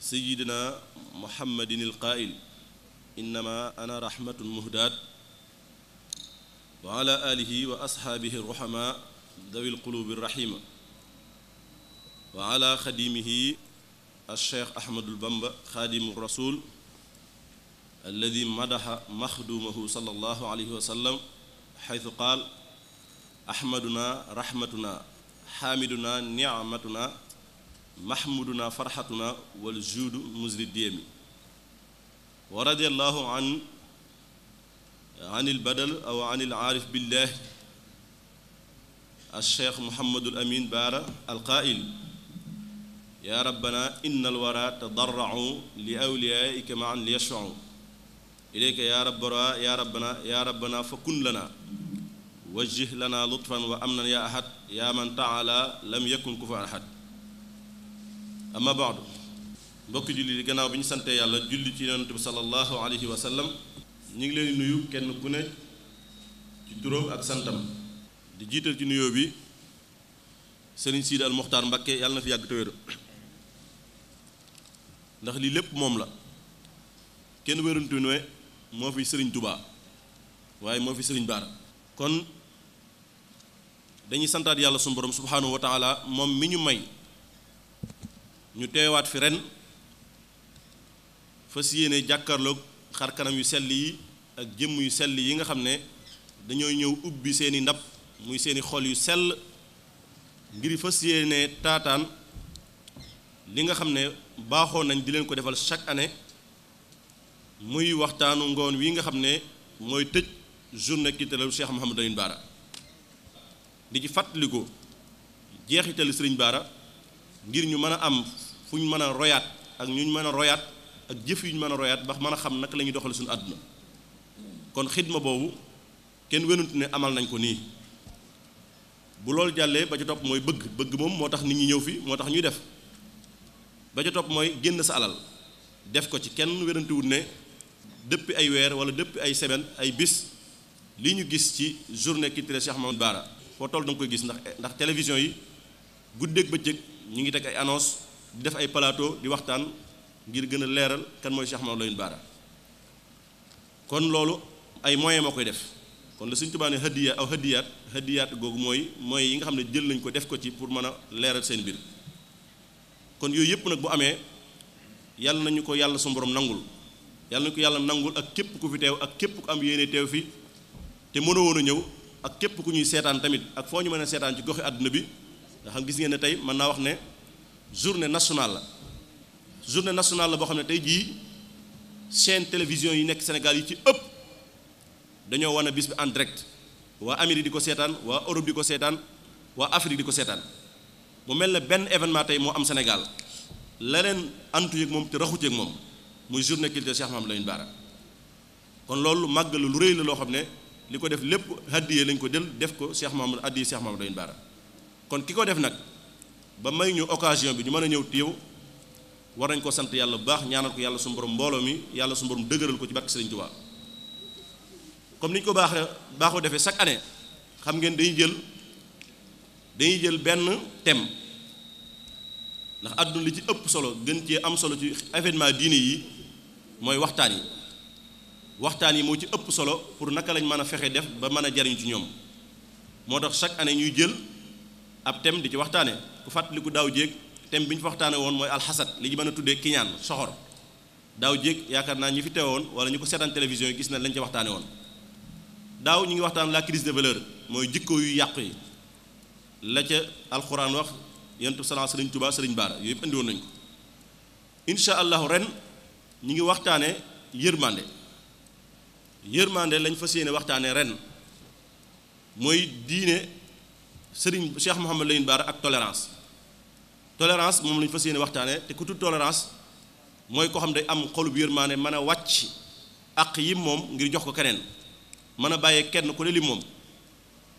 سيدنا محمد القائل إنما أنا رحمة مهدات وعلى آله وأصحابه الرحمة ذوي القلوب الرحيمة وعلى خديمه الشيخ أحمد البنب خادم الرسول الذي مدح مخدومه صلى الله عليه وسلم حيث قال أحمدنا رحمتنا حامدنا نعمتنا محمودنا فرحتنا والجود مزر الديم ورضي الله عن عن البدل أو عن العارف بالله الشيخ محمد الأمين بارا القائل يا ربنا إن الورى تضرعوا لأوليائك معا ليشفعوا إليك يا رب يا ربنا يا ربنا فكن لنا وجه لنا لطفا وأمنا يا أحد يا من تعالى لم يكن كفوا أحد amma ba'du mbokki julli di gannaaw bi ñu sante yàlla julli ci yonent bi sallallahu alayhi wa sallam ñu ngi leen nuyu kenn ku ne ci turam ak santam di jiital ci nuyoo bi sëriñ Sidi al Muxtaar Mbakke yàlla na fi yàgg tawéeru ndax lii lépp moom la kenn wérantu ne moo fi sëriñ Touba waaye moo fi sëriñ Baara kon dañuy santaat yàlla sunu borom subhanahu wa taala moom mi ñu may ñu teewaat fi ren fës yéene jàkkarlook xarkanam yu sell yi ak jëmm yu sell yi nga xam ne dañoo ñëw ubbi seeni ndab muy seeni xol yu sell ngir fas yéene taataan li nga xam ne baaxoo nañ di leen ko defal chaque année muy waxtaanu ngoon wi nga xam ne mooy tëj journée kiitalalu Cheikh Mouhamadou Lamine Bara di ci fàttaliku jeexitalu Serigne Bara ngir ñu mën a am fu ñu mën a royaat ak ñu mën a royaat ak jëf yu mën a royaat ba mën a xam naka lañuy ñuy suñu àdduna kon xidma boobu kenn wenut ne amal nañ ko nii bu loolu jàllee ba ca topp mooy bëgg bëgg moom moo tax nit ñi ñëw fii moo tax ñuy def ba ca topp mooy génn sa alal def ko ci kenn werantewut ne dëppi ay weer wala dëpp ay semaine ay bis li ñu gis ci journée culturelle Cheikh Mamadou Bara foo toll danga koy gis ndax ndax télévision yi guddeeg bëccëg ñu ngi teg ay annonce di def ay plateau di waxtaan ngir gën a leeral kenn mooy Cheikh Mouhamadou Lamine Bara kon loolu ay moyens moo koy def kon la Sëriñ Tuubaa ne hadiya aw hadiyaat googu mooy moyens yi nga xam ne jël nañ ko def ko ci pour mën a leeral seen mbir kon yooyu yëpp nag bu amee yàlla nañu ko yàlla su mboroom nangul yàlla nañu ko yàlla nangul ak képp ku fi teew ak képp ku am yéene teew fii te mënoo woon a ñëw ak képp ku ñuy seetaan tamit ak foo ñu mën a seetaan ci goxi àdduna bi nga gis ngeen ne tey mën naa wax ne journée nationale la journée nationale la boo xam ne tey jii chaîne télévision yi nekk senegal yi ci ëpp dañoo wane bis bi en direct waa Amérique di ko seetaan waa Europe di ko seetaan waa afrig di ko seetaan mu mel ne benn événement tey moo am Sénégal la leen antu yeeg moom te raxu yeeg moom muy journée culture Cheikh Mouhamadou Lamine Bara kon loolu la lu rëy la loo xam ne li ko def lépp haddiyee lañ ko jël def ko Cheikh Mouhamadou haddiyee Cheikh Mouhamadou Bara kon ki ko def nag. ba may ñu occasion bi ñu mën a ñëw teew war nañ ko sant yàlla bu baax ñaanal ko yàlla suñu borom mbooloo mi yàlla suñu borom dëgëral ko ci barke Sëriñ Tuubaa comme ni ko baax baaxoo defee chaque année xam ngeen day jël dañuy jël benn thème ndax àdduna li ci ëpp solo gën cee am solo ci événement diine yi mooy waxtaan yi waxtaan yi moo ci ëpp solo pour naka lañ mën a fexe def ba mën a jariñ ci ñoom moo tax chaque année ñuy jël ab thème di ci waxtaane ku fàttaliku daaw jéeg thème bi ñu fa waxtaane woon mooy alxasad li ñu mën a tuddee kiñaan soxor daaw jéeg yaakaar naa ñi fi teewoon wala ñu ko seetaan télévision yi gis na lañ ci waxtaane woon daaw ñu ngi waxtaan la crise de valeur mooy jikko yu yàqu yi la alxuraan wax yentu salan sëriñ Tuubaa sëriñ Baara yooyu yëpp andi woon nañ ko incha allah ren ñu ngi waxtaane yërmande yërmande lañ fas yéene waxtaane ren mooy diine sëriñ Cheikh Mouhamed Lamine Bara ak tolérance tolérance moom la ñu fas yéene waxtaane te ku tudd tolérance mooy koo xam day am xolub yërmaane mën a wàcc ak yi moom ngir jox ko keneen mën a bàyyee kenn ku ne li moom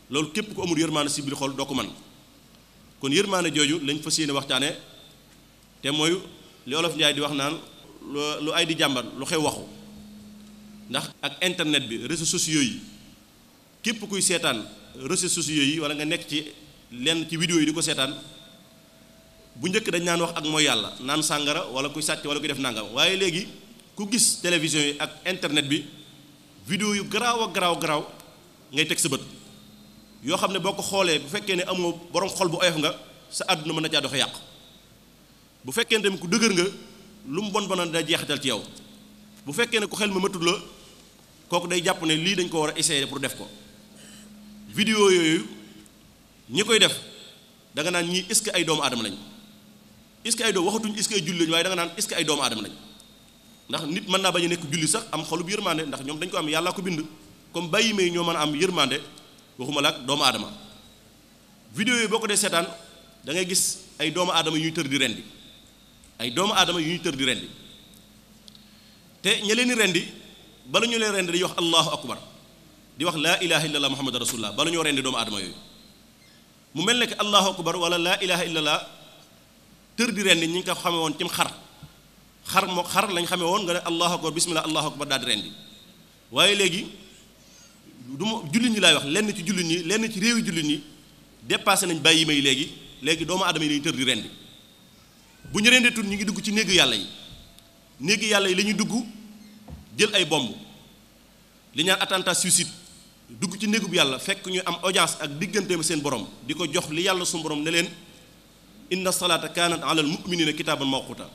loolu képp ku amul yërmaane si biir xol doo ko man kon yërmaane jooju lañ fas yéene waxtaanee te mooy li olof Njaay di wax naan lu ay di jàmbat lu xew waxu ndax ak internet bi réseaux sociaux yi képp kuy seetaan ressources sociaux wala nga nekk ci lenn ci vidéo yi di ko seetaan bu njëkk dañ naan wax ak mooy yàlla naan sàngara wala kuy sàcc wala kuy def nangam waaye léegi ku gis télévision yi ak internet bi vidéo yu graw ak graw garaaw ngay teg sa bët yoo xam ne boo ko xoolee bu fekkee ne amoo borom xol bu oyof nga sa àdduna mën na caa doxe bu fekkee dem tamit ku dëgër nga lu mu bon bonoon day jeexital ci yow bu fekkee ne ku xel ma matul la kooku day jàpp ne lii dañ ko war a essayer pour def ko vidéo yooyu ñi koy def da naan ñii est-ce que ay doomu aadama lañ est-ce que ay doom waxatuñ est-ce que ay julli lañ waaye da naan est-ce que ay doomu aadama lañ ndax nit mën naa bañ a nekk julli sax am xolub yërmande ndax ñoom dañ ko am yàllaa ko bind comme bàyyi may ñoo mën a am yërmande waxuma la ak doomu aadama vidéo yooyu boo ko dee seetaan da ngay gis ay doomu aadama yu ñu tër di rendi ay doomu aadama yu ñu tër di rendi te ña leen di rendi bala ñu leen rendi dañuy wax allahu akbar di wax laa ilaha illallah muhammad rasulullah bala ñoo rendi doomu aadama yooyu mu mel ne que allahu akbar wala laa ilaha illallah tër di rendi ñi nga ko xam woon cim xar xar moo xar lañ xamee woon nga ne allahu akbar bismillah allahu akbar daal di rendi waaye léegi duma ma jullit ñi laay wax lenn ci jullit ñi lenn ci réewi jullit ñi dépassé nañ bàyyi may léegi léegi doomu aadama yi lañu tër di rendi bu ñu rendee tut ñu ngi dugg ci néegu yàlla yi néegu yàlla yi la ñuy dugg jël ay bomb li ñaan attentat dugg ci néegub yàlla fekk ñu am audience ak digganteem seen borom di ko jox li yàlla suñu borom ne leen inna salaata kaanat alal muminina kitaaban mawquta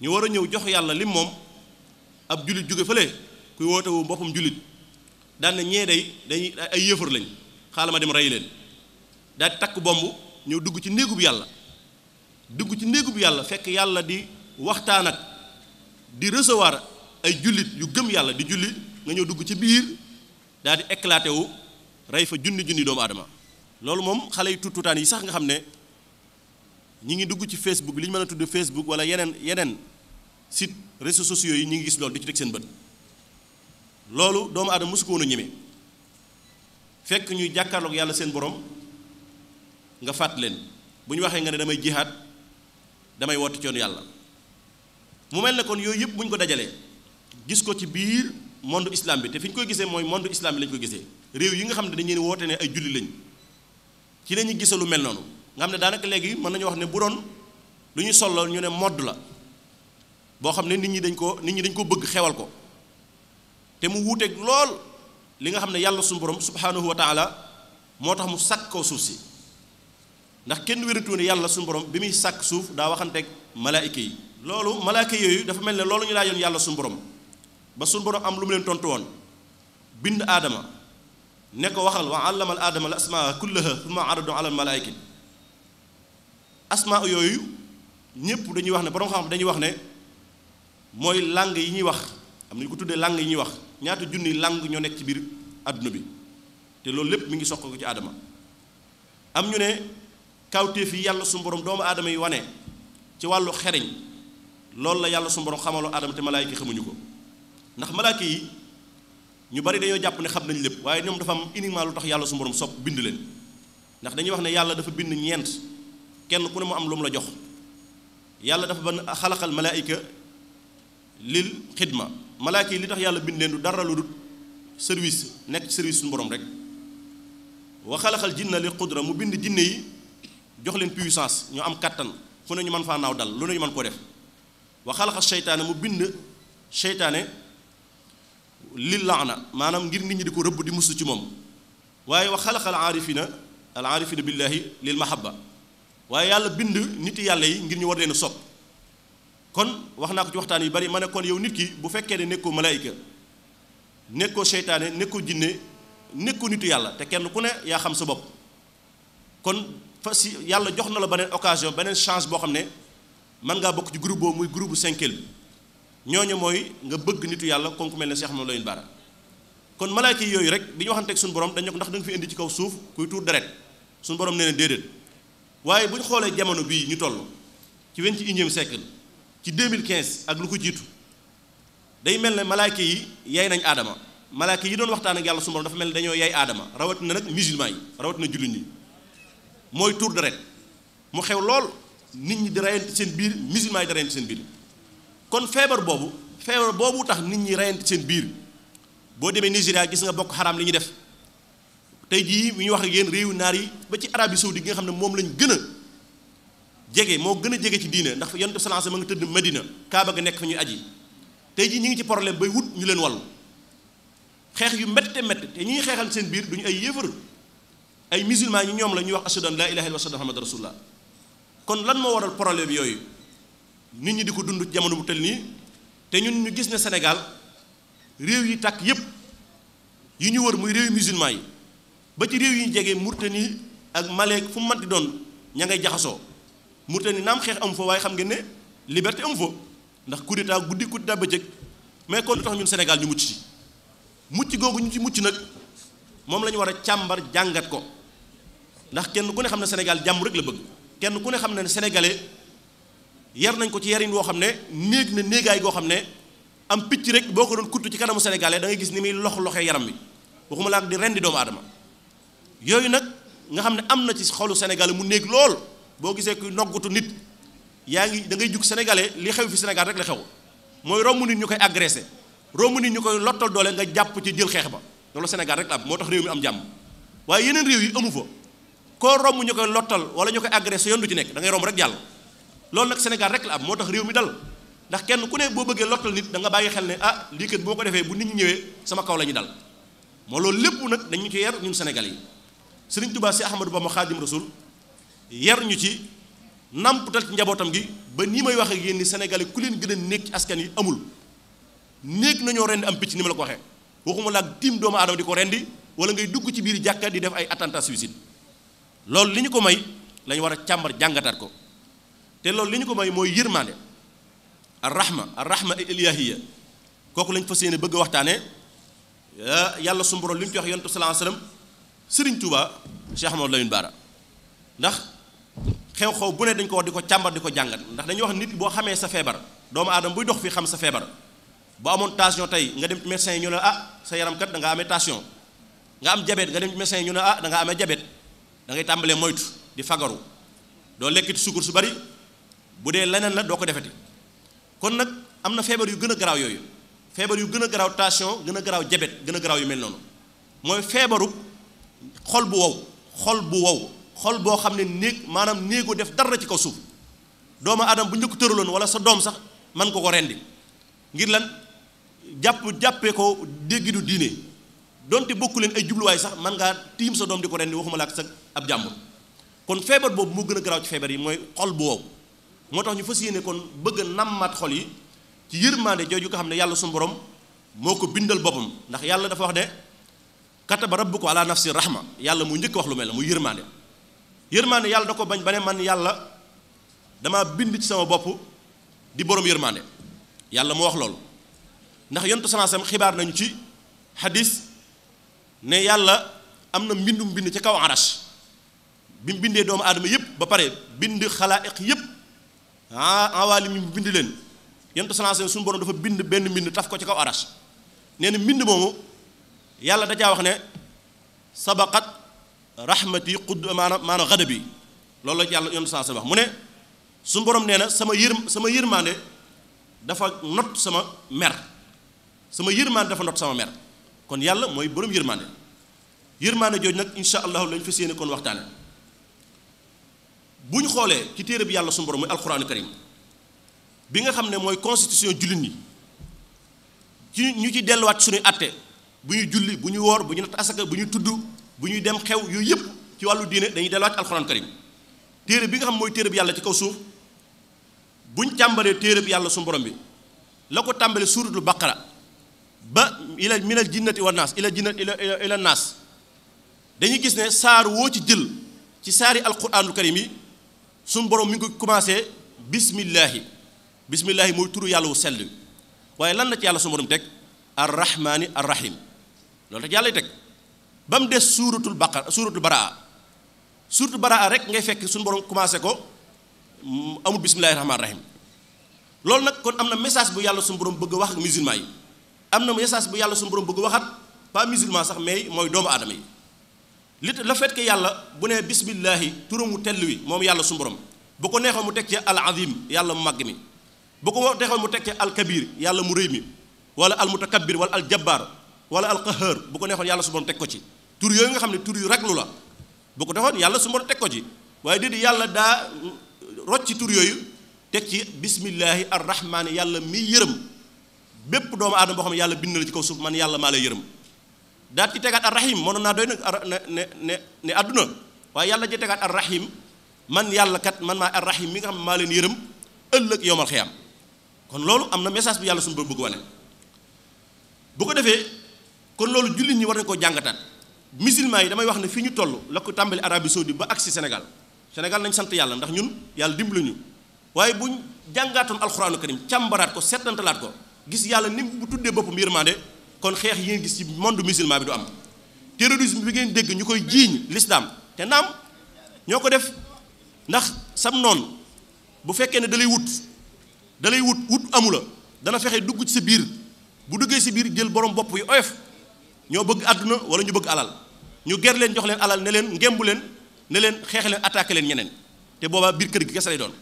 ñu war a ñëw jox yàlla lim moom ab jullit jóge fële kuy woote wu boppam jullit daan na ñee day dañuy ay yëfar lañ xaaral ma dem rey leen daal takk bomb ñëw dugg ci néegub yàlla dugg ci néegub yàlla fekk yàlla di waxtaan ak di recevoir ay jullit yu gëm yàlla di jullit nga ñëw dugg daal di éclaté wu rey fa junni junni doomu aadama loolu moom xale yu tuututaan yi sax nga xam ne ñi ngi dugg ci facebook li ñu mën facebook wala yeneen yeneen site réseaux sociaux yi ñi ngi gis loolu di ci teg seen bët loolu doomu aadama mosu ko woon a ñeme fekk ñuy jàkkaarloog yàlla seen borom nga fàtt leen bu ñu waxee nga ne damay jihaat damay woote coon yàlla mu mel ne kon yooyu yëpp buñ ko dajalee gis ko ci biir monde islam bi te fi ñu koy gisee mooy monde islam bi la ñu koy gisee réew yi nga xam ne dañu leen woote ne ay julli lañ ci la ñuy gisee lu mel noonu nga xam ne daanaka léegi mën nañu wax ne bu doon lu ñu sollool ñu ne modd la boo xam ne nit ñi dañ ko nit ñi dañ ko bëgg xewal ko te mu wuuteeg lool li nga xam ne yàlla suñu borom subhanahu wa taala moo tax mu sàkk ko suuf si ndax kenn wératu ne yàlla suñu borom bi muy sàkk suuf daa waxanteeg malaayika yi loolu malaayika yooyu dafa mel ne loolu ñu laajoon yàlla suñu ba su borom am lu mu leen tontu woon bind aadama ne ko waxal wa allama al aadama al asmaa kullaha summa aradu ala yooyu ñëpp dañuy wax ne borom dañuy wax ne mooy langue yi ñuy wax am nañu ko tuddee langue yi ñuy wax ñaata junni langue ñoo nekk ci biir adduna bi te loolu lépp mi ngi soq ci aadama am ñu ne kawtéef yi yàlla suñu borom doomu aadama yi wane ci wàllu xereñ loolu la yàlla suñu borom xamaloo aadama te malaayka xamuñu ko ndax malaaka yi ñu bari dañoo jàpp ne xam nañ lépp waaye ñoom dafa am uniquement lu tax yàlla su borom sopp bind leen ndax dañuy wax ne yàlla dafa bind ñeent kenn ku ne mu am lu mu la jox yàlla dafa ban xalaqal malaayika lil xidma malaaka yi li tax yàlla bind leen du dara lu dul service nekk service su mboroom rek wa xalaxal jinna lil qudra mu bind jinne yi jox leen puissance ñu am kàttan fu ne ñu mën faa naaw dal lu ne ñu mën koo def wa xalaxal seytaane mu bind seytaane lil laana maanaam ngir nit ñi di ko rëbb di musu ci moom waaye wa xalaqa al aarifina al aarifina billaahi lil mahabba waaye yàlla bind nit yi yàlla yi ngir ñu war leen sopp kon wax naa ko ci waxtaan yu bari ma ne kon yow nit ki bu fekkee ne nekkoo malaayika nekkoo seytaane nekkoo jinne nekkoo nitu yàlla te kenn ku ne yaa xam sa bopp kon fa si yàlla jox na la beneen occasion beneen chance boo xam ne mën ngaa bokk ci groupe boobu muy groupe bu cinquième ñooñu mooy nga bëgg nitu yàlla kon ku mel ne Cheikh Mouhamadou Lamine Bara kon malaayka yooyu rek bi ñu waxanteeg suñu borom dañoo ne ko ndax da nga fi indi ci kaw suuf kuy tuur deret suñu borom nee na waaye bu ñu xoolee jamono bii ñu toll ci vingt-et-unième siècle ci 2015 ak lu ko jiitu day mel ne malaayka yi yay nañ aadama malaayka yi doon waxtaan ak yàlla suñu borom dafa mel ne dañoo yay aadama rawatina nag musulman yi rawatina jullit ñi mooy tuur deret mu xew lool nit ñi di rayante biir musulman yi di rayante seen biir kon feebar boobu feebar boobu tax nit ñi reyante seen biir boo demee Nigéria gis nga bokk xaraam li ñuy def tey jii mi ñu wax ak yéen réewu naar yi ba ci Arabie Saoudite gi nga xam ne moom lañ gën a jege moo gën a jege ci diine ndax yonent sallallahu alayhi wasallam ma nga tëdd madina Kaaba ga nekk fa ñuy aji tey jii ñu ngi ci problème bay wut ñu leen wàllu xeex yu métte métte te ñu ngi xeexal seen biir duñu ay yéefar ay musulman ñu ñoom la ñuy wax ashhadu an la ilaha illallah wa ashhadu kon lan moo waral problème yooyu nit ñi di ko dund jamono bu tel nii te ñun ñu gis ne Sénégal réew yi tàkk yépp yi ñu wër muy réew musulman yi ba ci réew yi ñu jege Mauritanie ak Mali fu mu mën di doon ña ngay jaxasoo Mauritanie naam xeex am fa waaye xam ngeen ne liberté am fa ndax coup d'état guddi coup d'état bëccëg mais kon lu tax ñun Sénégal ñu mucc ci mucc googu ñu ci mucc nag moom lañu ñu war a càmbar jàngat ko ndax kenn ku ne xam ne Sénégal jàmm rek la bëgg kenn ku ne xam ne sénégalais. yar nañ ko ci yariñ woo xam ne néeg na néegaay goo xam ne am picc rek boo ko doon kutt ci kanamu sénégalais da gis ni muy lox loxee yaram bi waxuma laa di rendi doomu adama yooyu nag nga xam ne am na ci xolu sénégalais mu néeg lool boo gisee kuy noggutu nit yaa ngi da ngay jug sénégalais li xew fi Sénégal rek la xew mooy romb nit ñu koy agressé romb nit ñu koy lottal doole nga jàpp ci jël xeex ba loolu Sénégal rek la am moo tax réew mi am jàmm waaye yeneen réew yi amu fa koo romb ñu koy lottal wala ñu koy agressé yoon du ci nekk da ngay romb rek jàll loolu nag Sénégal rek la am moo tax réew mi dal ndax kenn ku ne boo bëggee lottal nit danga nga bàyyi xel ne ah lii kat boo ko defee bu nit ñi ñëwee sama kaw la ñu dal moo loolu lépp nag dañu ko yar ñun Sénégal yi Sëriñ Tuubaa si Ahmadou Bamba Xaadim Rasul yar ñu ci namputal ci njabootam gi ba nii may wax ak yéen ni Sénégal ku leen gën a nekk ci askan yi amul néeg nañoo rendi am picc ni ma la ko waxee waxuma la ak tiim doomu aadama di ko rendi wala ngay dugg ci biir jàkka di def ay attentat suicide loolu li ñu ko may lañu war a càmbar jàngataat ko te lol liñ ko may moy yirmane ar rahma ar rahma ilahiyya. koku lañ fassiyene bëgg waxtane waxtaanee ah, yàlla ya borom li mu ci wax yonent sallallahu alayhi wasallam serigne touba Cheikh Amadou Lamine Bara ndax xew-xew bu ne dañ ko wax di ko càmbar di ko jangan. ndax dañ wax nit bo xamee sa febar doomu adam buy dox fi xam sa febar bo amone tension tay nga dem médecin ñu la ah sa yaram kat da nga amé tension nga am jabet nga dem médecin ñu la ah da nga amé jabet da ngay tambalé moytu di fagaru do lekkiti sukur su bari bu dee leneen la doo ko defeti kon nag am na feebar yu gën a garaaw yooyu feebar yu gën a garaaw tension gën a garaaw jabet gën a garaaw yu mel noonu mooy feebaru xol bu wow xol bu wow xol boo xam ne néeg maanaam néegu def dara ci kaw suuf doomu aadama bu njëkk tëraloon wala sa doom sax man ko ko rendi ngir lan jàpp jàppee ko déggi du diine donte bokku leen ay jubluwaay sax man ngaa tiim sa doom di ko rendi waxuma la ak sa ab jàmbur kon feebar boobu moo gën a garaaw ci feebar yi mooy xol bu moo tax ñu fas yéene kon bëgg a nammaat xol yi ci yërmande jooju ko xam ne yàlla suñu borom moo ko bindal boppam ndax yàlla dafa wax ne kataba rabbuka ala nafsi rahma yàlla mu njëkk wax lu mel ne muy yërmande yërmande yàlla da ko bañ ba ne man yàlla dama bind ci sama bopp di borom yërmande yàlla moo wax loolu ndax yontu sanaasam xibaar nañu ci xadis ne yàlla am na mbindum bind ca kaw arash bi mu bindee doomu aadama yëpp ba pare bind xalaaiq yëpp ah awaalim yi mu bind leen yonent sallallahu alayhi wasallam suñu dafa bind benn mbind taf ko ci kaw aras nee mbind moomu yàlla da caa wax ne sabaqat rahmati qudd maanaam maanaam xadabi loolu la yàlla yonent sallallahu alayhi wasallam wax mu ne suñu borom nee na sama yër sama yërmande dafa not sama mer sama yërmande dafa not sama mer kon yàlla mooy borom yërmande yërmande jooju nag incha allahu lañ fas yéene kon waxtaane bu ñu xoolee ci téere bi yàlla suñu borom muy bi nga xam ne mooy constitution jullit ñi ci ñu ci delluwaat suñuy atte bu ñuy julli bu ñu woor bu ñu natt asaka bu ñu tudd bu ñuy xew yooyu yëpp ci wàllu dañuy delluwaat ci téere bi nga xam mooy téere bi yàlla ci kaw suuf buñ càmbaree téere bi yàlla suñu bi la ko tàmbalee suuratul baqara ba ila minal jinnati wa naas ila jinnati ila ila naas gis ne saar woo ci jël ci saari alxuraanul karim yi suñu borom mi ngi ko commencé bismillahi bismillahi mooy turu yàlla wu sell waaye lan la ci yàlla suñu borom teg arrahmaani arrahim loolu tax yàlla teg ba mu des suuratul baqara suuratul baraa suuratul baraa rek ngay fekk suñu borom commencé ko amul bismillahi rahmaani rahim loolu nag kon am na message bu yàlla suñu borom bëgg wax ak musulman yi am na message bu yàlla suñu borom bëgg waxat pas musulman sax mais mooy doomu aadama yi le fait que yàlla bu nee bismillahi turamu tell wi mom yàlla sun borom bu ko neexoon mu tek ci al azim yàlla mu màgg bu ko neexoon mu tek ci al kabir yàlla mu reymi wala al mutakabbir wala al jabbar wala al qahhar bu ko neexoon yàlla sun borom tek ko ci tur yooyu nga xam tur yu lu la bu ko defoon yàlla sun borom tek ko ci waye déedéet yàlla da rocc ci tur yooyu tek ci bismillah ar rahman yàlla mi yërëm bépp doomu adam bo xam yàlla bindal ci kaw suuf man yàlla ma lay yërëm daal ci tegaat ar rahim mënoon naa doy nag ne ne ne àdduna waaye yàlla ci tegaat ar rahim man yàlla kat man maa ar rahim mi nga xam ne maa leen yërëm ëllëg yowmal xiyaam kon loolu am na message bi yàlla suñu bëgg wane bu ko defee kon loolu jullit ñi war nañ koo jàngataat musulman yi damay wax ne fii ñu toll la ko tàmbali Arabie Saoudite ba agsi Sénégal Sénégal nañ sant yàlla ndax ñun yàlla dimbali lañu waaye bu buñ jàngaatoon alxuraanu karim càmbaraat ko seetantalaat ko gis yàlla ni bu tuddee boppam yërmande kon xeex yi ngeen gis ci monde musulman bi du am terrorisme bi ngeen dégg ñu koy jiiñ l'islam te naam ñoo ko def ndax sam noon bu fekkee ne dalay wut dalay wut wut amula dana fexe dugg ci sa biir bu duggee si biir jël borom bopp yu oyof ñoo bëgg àdduna wala ñu bëgg alal ñu ger leen jox leen alal ne leen ngembu leen ne leen xeex leen attaqué leen ñeneen te boobaa biir kër gi kese lay doon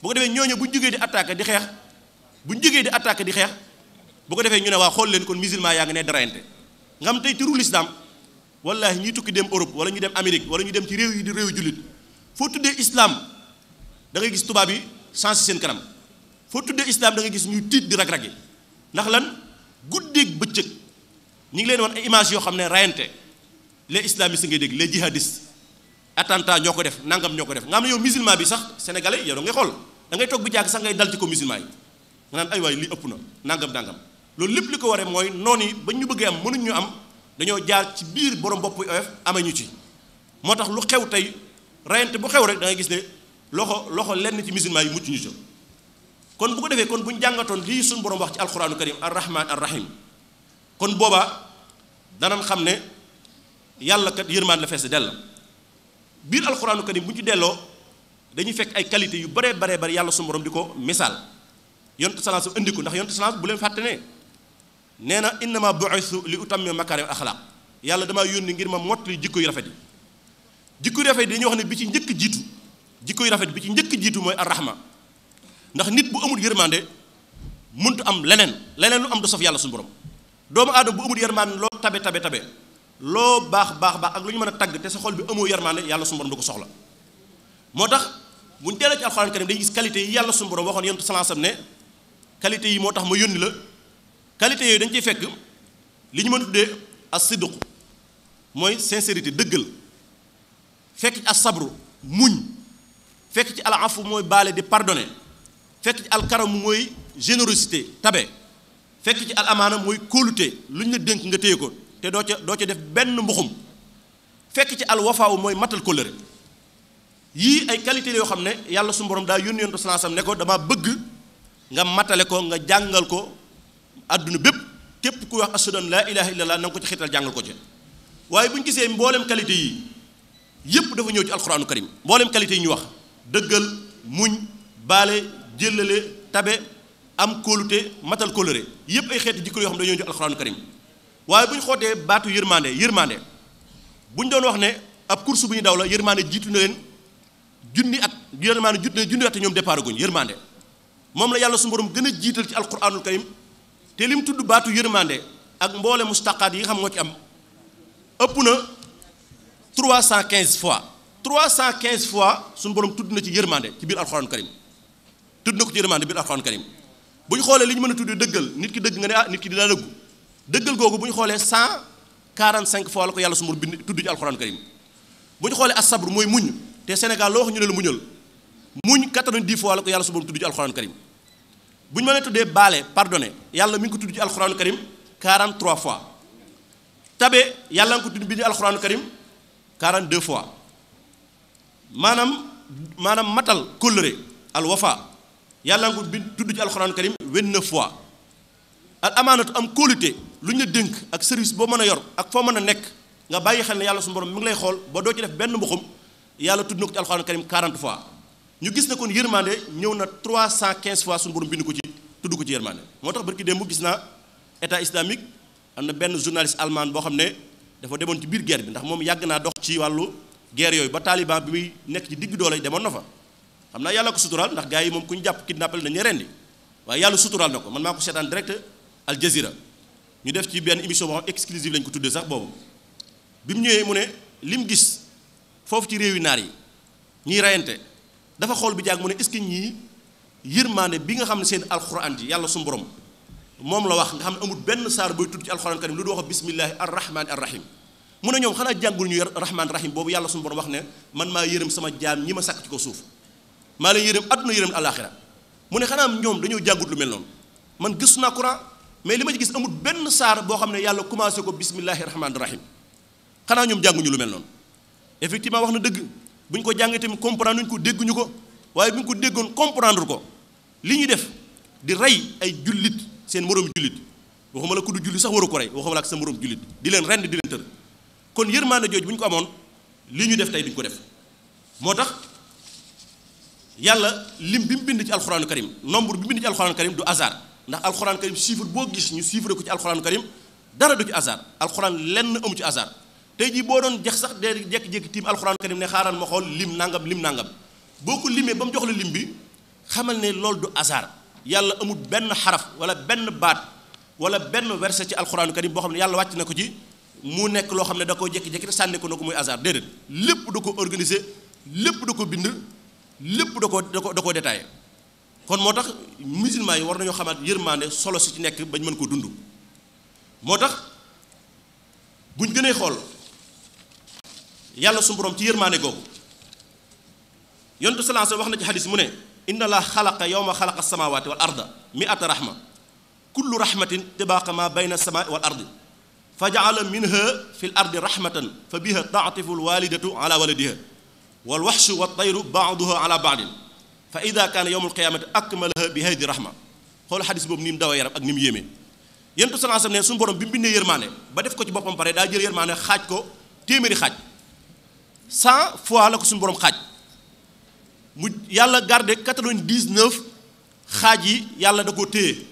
bu ko defee ñooñu bu ñu jógee di attaqué di xeex bu ñu jógee di attaqué di xeex bu ko defee ñu ne waa xool leen kon musulman yaa ngi ne darante nga xam tey turu l'islam wallahi ñuy tukki dem Europe wala ñu dem Amérique wala ñu dem ci réew yi di réew julit foo tuddee islam da ngay gis tubaab yi sens seen kanam foo tuddee islam da ngay gis ñuy tiit di rag-rag yi ndax lan guddeeg bëccëg ñi ngi leen wan image yoo xam ne rayante les islamistes ngay dégg les jihadistes attentat ñoo ko def nangam ñoo ko def nga xam yow musulman bi sax sénégalais yow da ngay xool da ngay toog bi sax ngay dal ci ko musulman yi nga naan ay waay li ëpp na nangam nangam loolu lépp li ko waree mooy noonu yi ba ñu bëggee am mënuñ ñu am dañoo jaar ci biir borom bopp oyof amee ñu ci moo tax lu xew tey rayante bu xew rek da gis ne loxo loxo lenn ci musulman yi mucc ñu ci kon bu ko defee kon bu ñu jàngatoon lii suñ borom wax ci alquranu karim arrahman arrahim kon boobaa danañ xam ne yàlla kat yërmaan la fees dell biir alquranu karim bu ñu ci delloo dañuy fekk ay qualité yu baree bare bari yàlla suñu borom di ko misaal yontu salaam su indi ko ndax yontu salaam bu leen fàtte nee na innama bu'isu li utammima makarim axlaaq yàlla damaa yónni ngir ma mottali jikko yu rafet yi jikko yu rafet yi dañuy wax ne bi ci njëkk jiitu jikko yu rafet bi ci njëkk jiitu mooy arrahma ndax nit bu amul yërmande muntu am leneen leneen lu am du saf yàlla suñu borom doomu aadama bu amul yërmande loo tabe tabe tabe loo baax baax baax ak lu ñu mën a tagg te sa xol bi amoo yërmande yàlla suñu borom du ko soxla moo tax buñ teelee ci alxuraan karim dañuy gis qualité yi yàlla suñu borom waxoon yonent salaasam ne qualité yi moo tax ma yónni la qualité yooyu dañ ciy fekk li ñu mën tuddee as sidduq mooy sincérité dëggal fekk ci as sabru muñ fekk ci al afu mooy baale di pardonner fekk ci al karamu mooy générosité tabe fekk ci al amaana mooy kóolute lu ñu la dénk nga téye ko te doo ca doo ca def benn mbuxum fekk ci al wafaaw mooy matal kóllëre yii ay qualité yoo xam ne yàlla su borom daal yónni yonent sallallahu alayhi ne ko dama bëgg nga matale ko nga jàngal ko àdduna bépp képp ku wax a an laa ilaha illallah laa nga ko ci xiital jàngal ko ci waaye bu ñu gisee mbooleem qualité yi yépp dafa ñëw ci alxuraanu karim mboolem qualité yi ñu wax dëggal muñ baale jëllale tabe am kóolute matal kóolëre yépp ay xeeti jikko yoo xam ne dañoo ñëw ci alxuraanu karim waaye bu ñu xootee baatu yërmande yërmande bu ñu doon wax ne ab course bu ñu daw la yërmande jiitu na leen junni at yërmande junni junni at ñoom départ guñ yërmande moom la yàlla su borom gën a jiital ci alxuraanul karim te lim tudd baatu yërmande ak mboole mustaqaat yi xam nga ci am ëpp na trois cent quinze fois trois cent quinze fois su suñu borom tudd na ci yërmande ci biir alxuraan karim tudd na ko ci yërmande biir alxuraan karim bu ñu xoolee li ñu mën a tuddee dëggal nit ki dëgg nga ne ah nit ki dina dëggu dëggal googu bu ñu xoolee cent quarante cinq fois la ko yàlla sumur bind tudd ci alxuraan karim bu ñu xoolee asabru mooy muñ te Sénégal loo wax ñu ne la muñal muñ quatre-vingt-dix fois la ko yàlla sumur tudd ci bu ñu mënee tuddee baale pardonné yàlla mi ngi ko tudd ci alxuraanu karim 43 fois tabe yàlla ngi ko tudd bi di alxuraanu karim 42 fois maanaam maanaam matal kóllëre al wafa yàlla ngi ko tudd ci alxuraanu karim 29 fois al amanatu am kóolute lu ñu dénk ak service boo mën a yor ak foo mën a nekk nga bàyyi xel ne yàlla suñu borom mi ngi lay xool ba doo ci def benn mbuxum yàlla tudd na ko ci alxuraanu karim 40 fois ñu gis na kon yërmande ñëw na 315 fois suñu borom bind ko ci tudd ko ci yërmande moo tax barki démb gis naa état islamique am na benn journaliste allemand boo xam ne dafa demoon ci biir geer bi ndax moom yàgg naa dox ci wàllu guerre yooyu ba taliban bi muy nekk ci digg doole demoon na fa xam naa yàlla ko suturaal ndax gars yi moom ku ñu jàpp na dañuy rendi waaye yàlla suturaal na ko man maa ko seetaan direct Al Jazeera ñu def ci benn émission boo lañ ko tuddee sax boobu bi mu ñëwee mu ne li mu gis foofu ci réew naar yi ñiy rayante dafa xool bi jàng mu ne est-ce que ñii yërmaande bi nga xam ne seen alxuraan ji yàlla suñu borom moom la wax nga xam ne amul benn saar booy tudd ci alxuraan karim lu du wax bismillahi arrahmaani arrahim mu ne ñoom xanaa jàngul ñu rahmaan rahim boobu yàlla suñu borom wax ne man maa yërëm sama jaam ñi ma sàkk ci ko suuf maa leen yërëm àdduna yërëm alaxira mu ne xanaa ñoom dañoo jàngut lu mel noonu man gis naa Quran mais li ma gis amul benn saar boo xam ne yàlla commencé ko bismillahi rahmaani rahim xanaa ñoom jànguñu lu mel noonu effectivement wax na dëgg bu ñu ko jàngee tamit comprendre ñu ko dégguñu ko waaye bu ñu ko déggoon comprendre ko li ñuy def di rey ay jullit seen moroom jullit waxuma la ku du julli sax waru ko rey waxuma la ak sa moroom jullit di leen rend di leen tër kon yërmaande jooj bu ñu ko amoon li ñu def tey duñ ko def moo tax yàlla lim bi mu bind ci alxuraanu karim nombre bi mu bind ci alxuraanu karim du hasard ndax alxuraanu karim chiffre boo gis ñu chiffre ko ci alxuraanu kar dara du ci hasard alxuraan lenn amu ci hasard tey jii boo doon jeex sax day jékki-jékki tiim alxuraan karim ne xaaral ma xool lim nangam lim nangam boo ko limee ba mu jox la lim bi xamal ne loolu du hasard yàlla amul benn xaraf wala benn baat wala benn verset ci alxuraan karim boo xam ne yàlla wàcc na ko ci mu nekk loo xam ne da koo jékki-jékki te sànni ko na ko muy hasard déedéet lépp da ko organiser lépp du ko bind lépp da ko da ko da koo détaillé kon moo tax musulman yi war nañoo xamaat yërmande solo si ci nekk bañ mën ko dund tax buñ gënee xool. yàlla sun borom ci yermane googu yontu salaasa wax na ci xadis mu inna la khalaqa yawma khalaqa samawati wal arda miata rahma kullu rahmatin tabaqa ma bayna samaa wal ardi faj'ala minha fil ardi rahmatan fabiha ta'tifu al walidatu ala waladiha wat tayru ba'daha ala baadin fa idha kana yawm al qiyamati akmalaha bi hadhihi rahma khol hadith bob nim mu dawee yaram ak nim yeme yéemee yentu salaasa ne sun borom bim binde yermane ba def ko ci bopam pare da jël yermane xaaj ko temeri xaaj cent fois la ko suñu borom xaaj mu yàlla garde quatre-vingt-dix-neuf xaaj yi yàlla da ko téye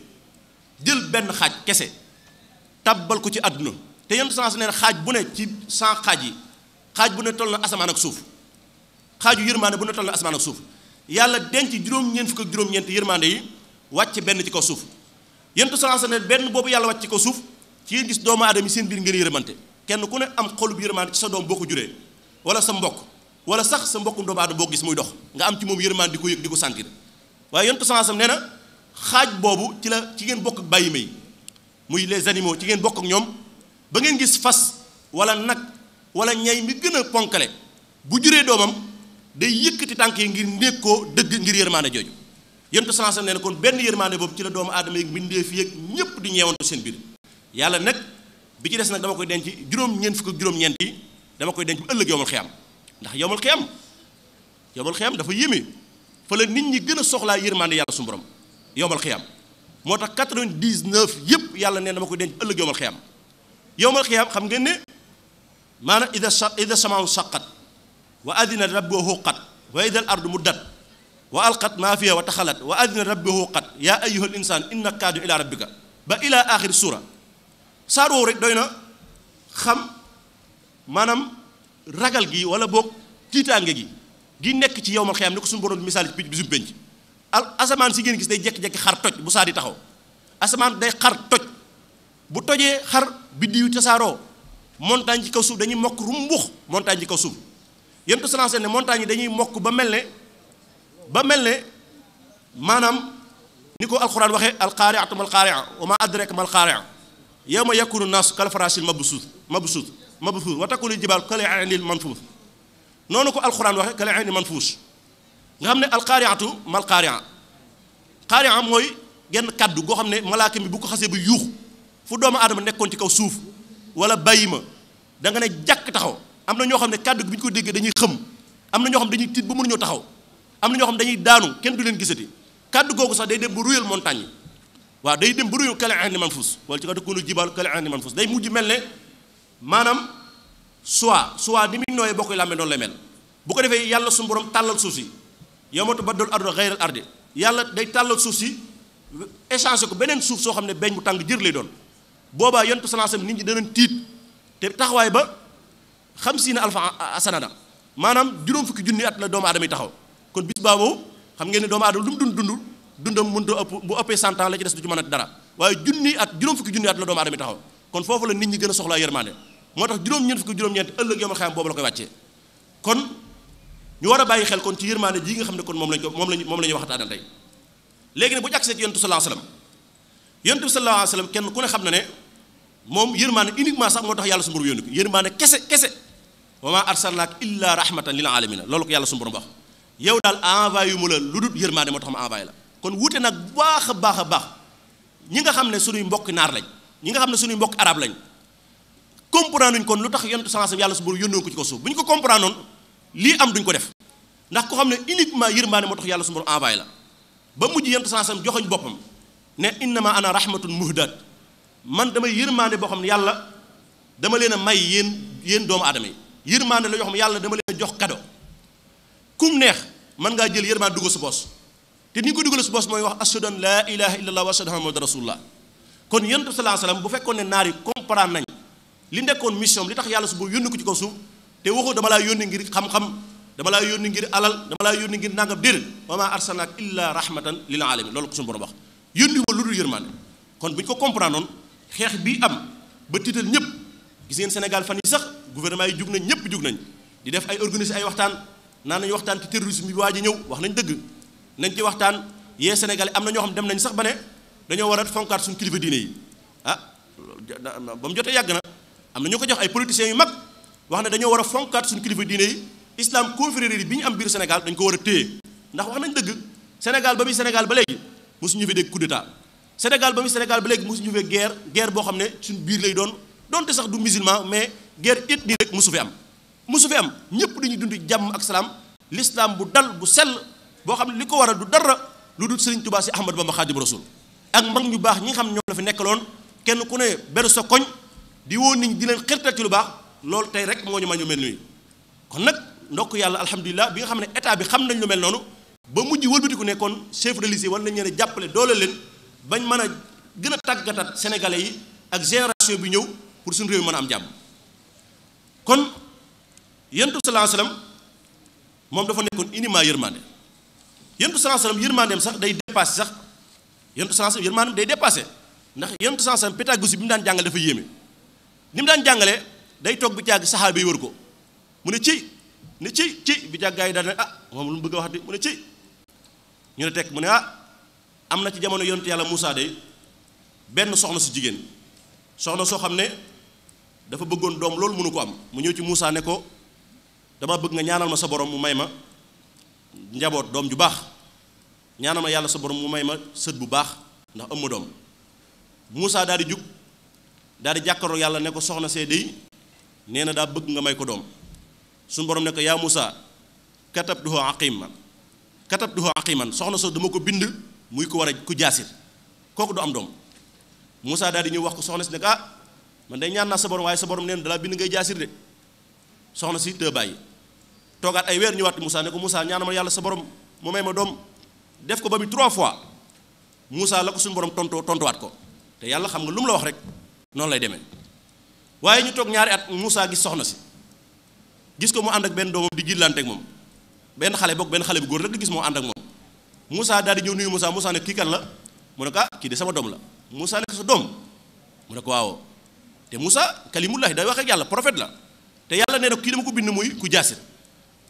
jël benn xaaj kese tàbbal ko ci àdduna te yenn sens neen xaaj bu ne ci cent xaaj yi xaaj bu ne toll na asamaan ak suuf xaaju yërmande bu ne toll na asamaan ak suuf yàlla denc juróom-ñeent fukk ak juróom-ñeent yërmande yi wàcc benn ci kaw suuf yenn sens neen benn boobu yàlla wàcc ci kaw suuf ci gis doomu aadama yi seen biir ngeen yërmante kenn ku ne am xolub yërmande ci sa doom boo ko juree wala sa mbokk wala sax sa mbokku doomu aadama boo gis muy dox nga am ci moom yërmaan di ko yëg di ko sentir waaye yontu sansam nee xaaj boobu ci la ci ngeen bokk ak bàyyi may muy les animaux ci ngeen bokk ak ñoom ba ngeen gis fas wala nag wala ñay mi gën a ponkale bu juree doomam day yëkkati tànk yi ngir néeg koo dëgg ngir yërmaande jooju yontu sansam nee kon benn yërmaande boobu ci la doomu aadama yeeg fi yeeg ñëpp di ñeewantu seen biir yàlla nag bi ci des nag dama koy denc juróom-ñeent dama koy denc bu ëllëg yowmal xiyam ndax yowul xiyam yowul xiyam dafa yimi fa la nit ñi gëna soxla soxlaa yàlla sun borom yowul xiyam motax 99 yëpp yàlla neena dama koy denc ëllëg yowul xiyam yowul xiyam xam ngeen ne mana idha sa idha samaa saqat wa adina rabbuhu qat wa idha al ardu muddat wa alqat ma fiha wa takhalat wa adina rabbuhu qat ya ayyuha al insan innaka kaadu ila rabbika ba ila akhir suura saar rek doyna xam maanaam ragal gi wala boog tiitaange gi gi nekk ci yow ma xiyam ni ko suñu borom misaal ci bisu penc asamaan si ngeen gis day jekki-jekki xar toj bu saa di taxaw asamaan day xar toj bu tojee xar biddiw tasaaroo montagne ci kaw suuf dañuy mokk rumbux montagne ci kaw suuf yéen tu salancé ne montagne yi dañuy mokk ba mel ne ba mel ne maanaam ni ko alxuraan waxee alxaariatu malxaaria wa ma adraka malxaaria yow ma yakunu naasu kalfaraasil mabsuus mabsuus mabsuus wa takunu jibaal kal aynil manfuus noonu ko alxuraan waxe kal man manfuus nga xam ne alqaariatu mal qaaria qaaria mooy genn kàddu goo xam ne malaaka mi bu ko xasee ba yuux fu doomu adama nekkoon ci kaw suuf wala bàyyi ma da nga ne jàkk taxaw am na ñoo xam ne kàddu bi ñu ko déggee dañuy xëm am na ñoo xam dañuy tiit ba mënuñoo taxaw am na ñoo xam dañuy daanu kenn du leen gisati kàddu googu sax day dem bu ruyal montagne yi waaw day dem ba ruyal kal aynil manfuus wala ci ka takunu jibaal kal aynil manfuus day ne maanaam soit soit ni muy nooyee bokk làmbe noonu lay mel bu ko defee yàlla suñu borom tàllal suuf si yawmatu baddal ardu xayral ardi yàlla day tàllal suuf si échangé ko beneen suuf soo xam ne beñ bu tàng jër lay doon boobaa yentu salaasam nit ñi danañ tiit te taxawaay ba xam si ne alfa asanada maanaam juróom fukki junni at la doomu aadama yi taxaw kon bis baaboo xam ngeen ne doomu aadama lu mu dund dund dundam mënut a ëpp bu ëppee cent ans la ci des du ci mën a dara waaye junni at juróom fukki junni at la doomu aadama yi taxaw kon foofu la nit ñi gën a soxlaa yërmande moo tax juróom-ñeent fukki juróom-ñeent ëllëg yomal xayaam boobu la koy wàccee kon ñu war a bàyyi xel kon ci yërmande ji nga xam ne kon moom lañ ko moom lañ moom la ñuy bu ñu agsee ci yontu sallallahu alayhi wasallam yontu bi sallallahu alayhi kenn ku ne xam na ne moom yërmande uniquement sax moo tax yàlla su borom yónni ko yërmande kese kese wa maa arsalnaak illa rahmatan lil alamina loolu ko yàlla su borom wax yow daal envoyé yu mu la lu dul yërmande moo tax ma envoyé la kon wute nag baax a baax a baax ñi nga xam ne suñuy mbokki naar lañ ñi nga xam ne mbokk arab lañ comprendre kon lu tax yontu sallallahu alayhi su bur yónnoo ko ci ko suuf bu ñu ko comprendre noonu lii am duñ ko def ndax ko xam ne uniquement yërmaane moo tax yàlla su borom envoyé la ba mujj yontu sans sam joxuñ boppam ne innama ana rahmatun muhdat man damay yërmaane boo xam ne yàlla dama leen a may yéen yéen doomu aadama yi yërmaane la yoo xam yàlla dama leen jox cadeau kum neex man ngaa jël yërmaane dugal sa bos te ni ko dugal sa bos mooy wax ashhadu an la ilaha illallah wa ashhadu anna rasulullah kon yonent bi sallallahu alayhi bu fekkoon ne naar yi comprendre nañ li nekkoon mission li tax yàlla su boobu yónni ko ci kaw suuf te waxu dama laa yónni ngir xam-xam dama laa yónni ngir alal dama laa yónni ngir nangam déedéet wa maa arsalnaak illa rahmatan lil alamin loolu ko suñu borom wax yónni ma lu dul yërmande kon bu ñu ko comprendre xeex bii am ba tiital ñëpp gis ngeen fan yi sax gouvernement yi jug nañ ñëpp jug nañ di def ay organiser ay waxtaan naa nañu waxtaan ci terrorisme bi waa ji ñëw wax nañ dëgg nañ ci waxtaan yee Sénégal am na ñoo xam dem nañ sax ba ne dañoo war a fonkaat suñu kilifa diine yi ah ba mu jotee yàgg na am na ñu ko jox ay politiciens yu mag wax ne dañoo war a fonkaat suñu kilifa diine yi islam confrérie bi ñu am biir Sénégal dañ ko war a téye ndax wax nañ dëgg Sénégal ba muy Sénégal ba léegi mosuñu fi dégg coup d'état Sénégal ba muy Sénégal ba léegi ñu fi guerre guerre boo xam ne suñu biir lay doon donte sax du musulman mais guerre ethnie rek mosu fi am mosu fi am ñëpp dañuy dund jàmm ak salaam l'islam bu dal bu sell boo xam ne li ko waral du dara lu dul Sëriñ Tuubaa si Ahmadu Bamba Xaadimu Rasuul ak mag ñu baax ñi nga xam ñoom la fi nekkaloon kenn ku ne benn sa koñ di woon nit ñi di leen xirtal ci lu baax loolu tey rek moo ñu ma ñu mel nii kon nag ndokk yàlla alhamdulilah bi nga xam ne état bi xam nañ lu mel noonu ba mujj wëlbatiku ne nekkoon chef de lycée war nañ leen a jàppale doole leen bañ mën a gën a tàggatat sénégalais yi ak génération bi ñëw pour suñu réew mën a am jàmm kon yantu salaa salaam moom dafa nekkoon inima yërmande yentu salaa salaam yërmandeem sax day dépassé sax yonent sallallahu alayhi wasallam yërmaanam day dépassé ya? ndax yonent sallallahu alayhi wasallam pédagogie bi mu daan jàngale dafa yéeme nim dan daan day tok bi tiag sahabi wër ko mu ne ci ne ci ci bi tiag gay yi ah mom lu bëgg a wax di mu ne ci ñu ne tek mu ne ah amna ci jamono yonent yalla Moussa day benn soxna su jigen soxna so xam dafa bëggoon dom lool mënu ko am mu ñëw ci Moussa ne ko dama bëgg nga ñaanal ma sa borom mu may ma njaboot ju bax ñaana ma yàlla sa borom mu may ma sët bu baax ndax ëmm doom Moussa daal di jug daal di jàkkaroo yàlla ne ko soxna see day nee na daa bëgg nga may ko doom sun borom ne ko yaa Moussa katab duhu aqima katab duhu aqiman soxna so dama ko bind muy ko war a ku jaasir kooku du am doom Moussa daal di ñëw wax ko soxna si ne ko ah man day ñaan naa sa borom waaye sa borom nee na dalaa bind ngay jaasir de soxna si te toogaat ay weer ñëwaat musa ne ko Moussa ñaanama yàlla sa borom mu may doom def ko ba muy trois fois Moussa la ko suñu borom tontoo tontuwaat ko te yàlla xam nga lu mu la wax rek noonu lay demee waaye ñu toog ñaari at Moussa gis soxna si gis ko mu ànd ak benn doomam di gillante ak moom benn xale boog benn xale bu góor la di gis moo ànd ak moom Moussa daal di ñëw nuyu Moussa Moussa ne kii kan la mu ne ko ah kii de sama doom la Moussa ne sa doom mu ne ko waaw te Moussa kalimullahi day wax yàlla profet la te yàlla nee na kii dama ko bind muy ku jaasir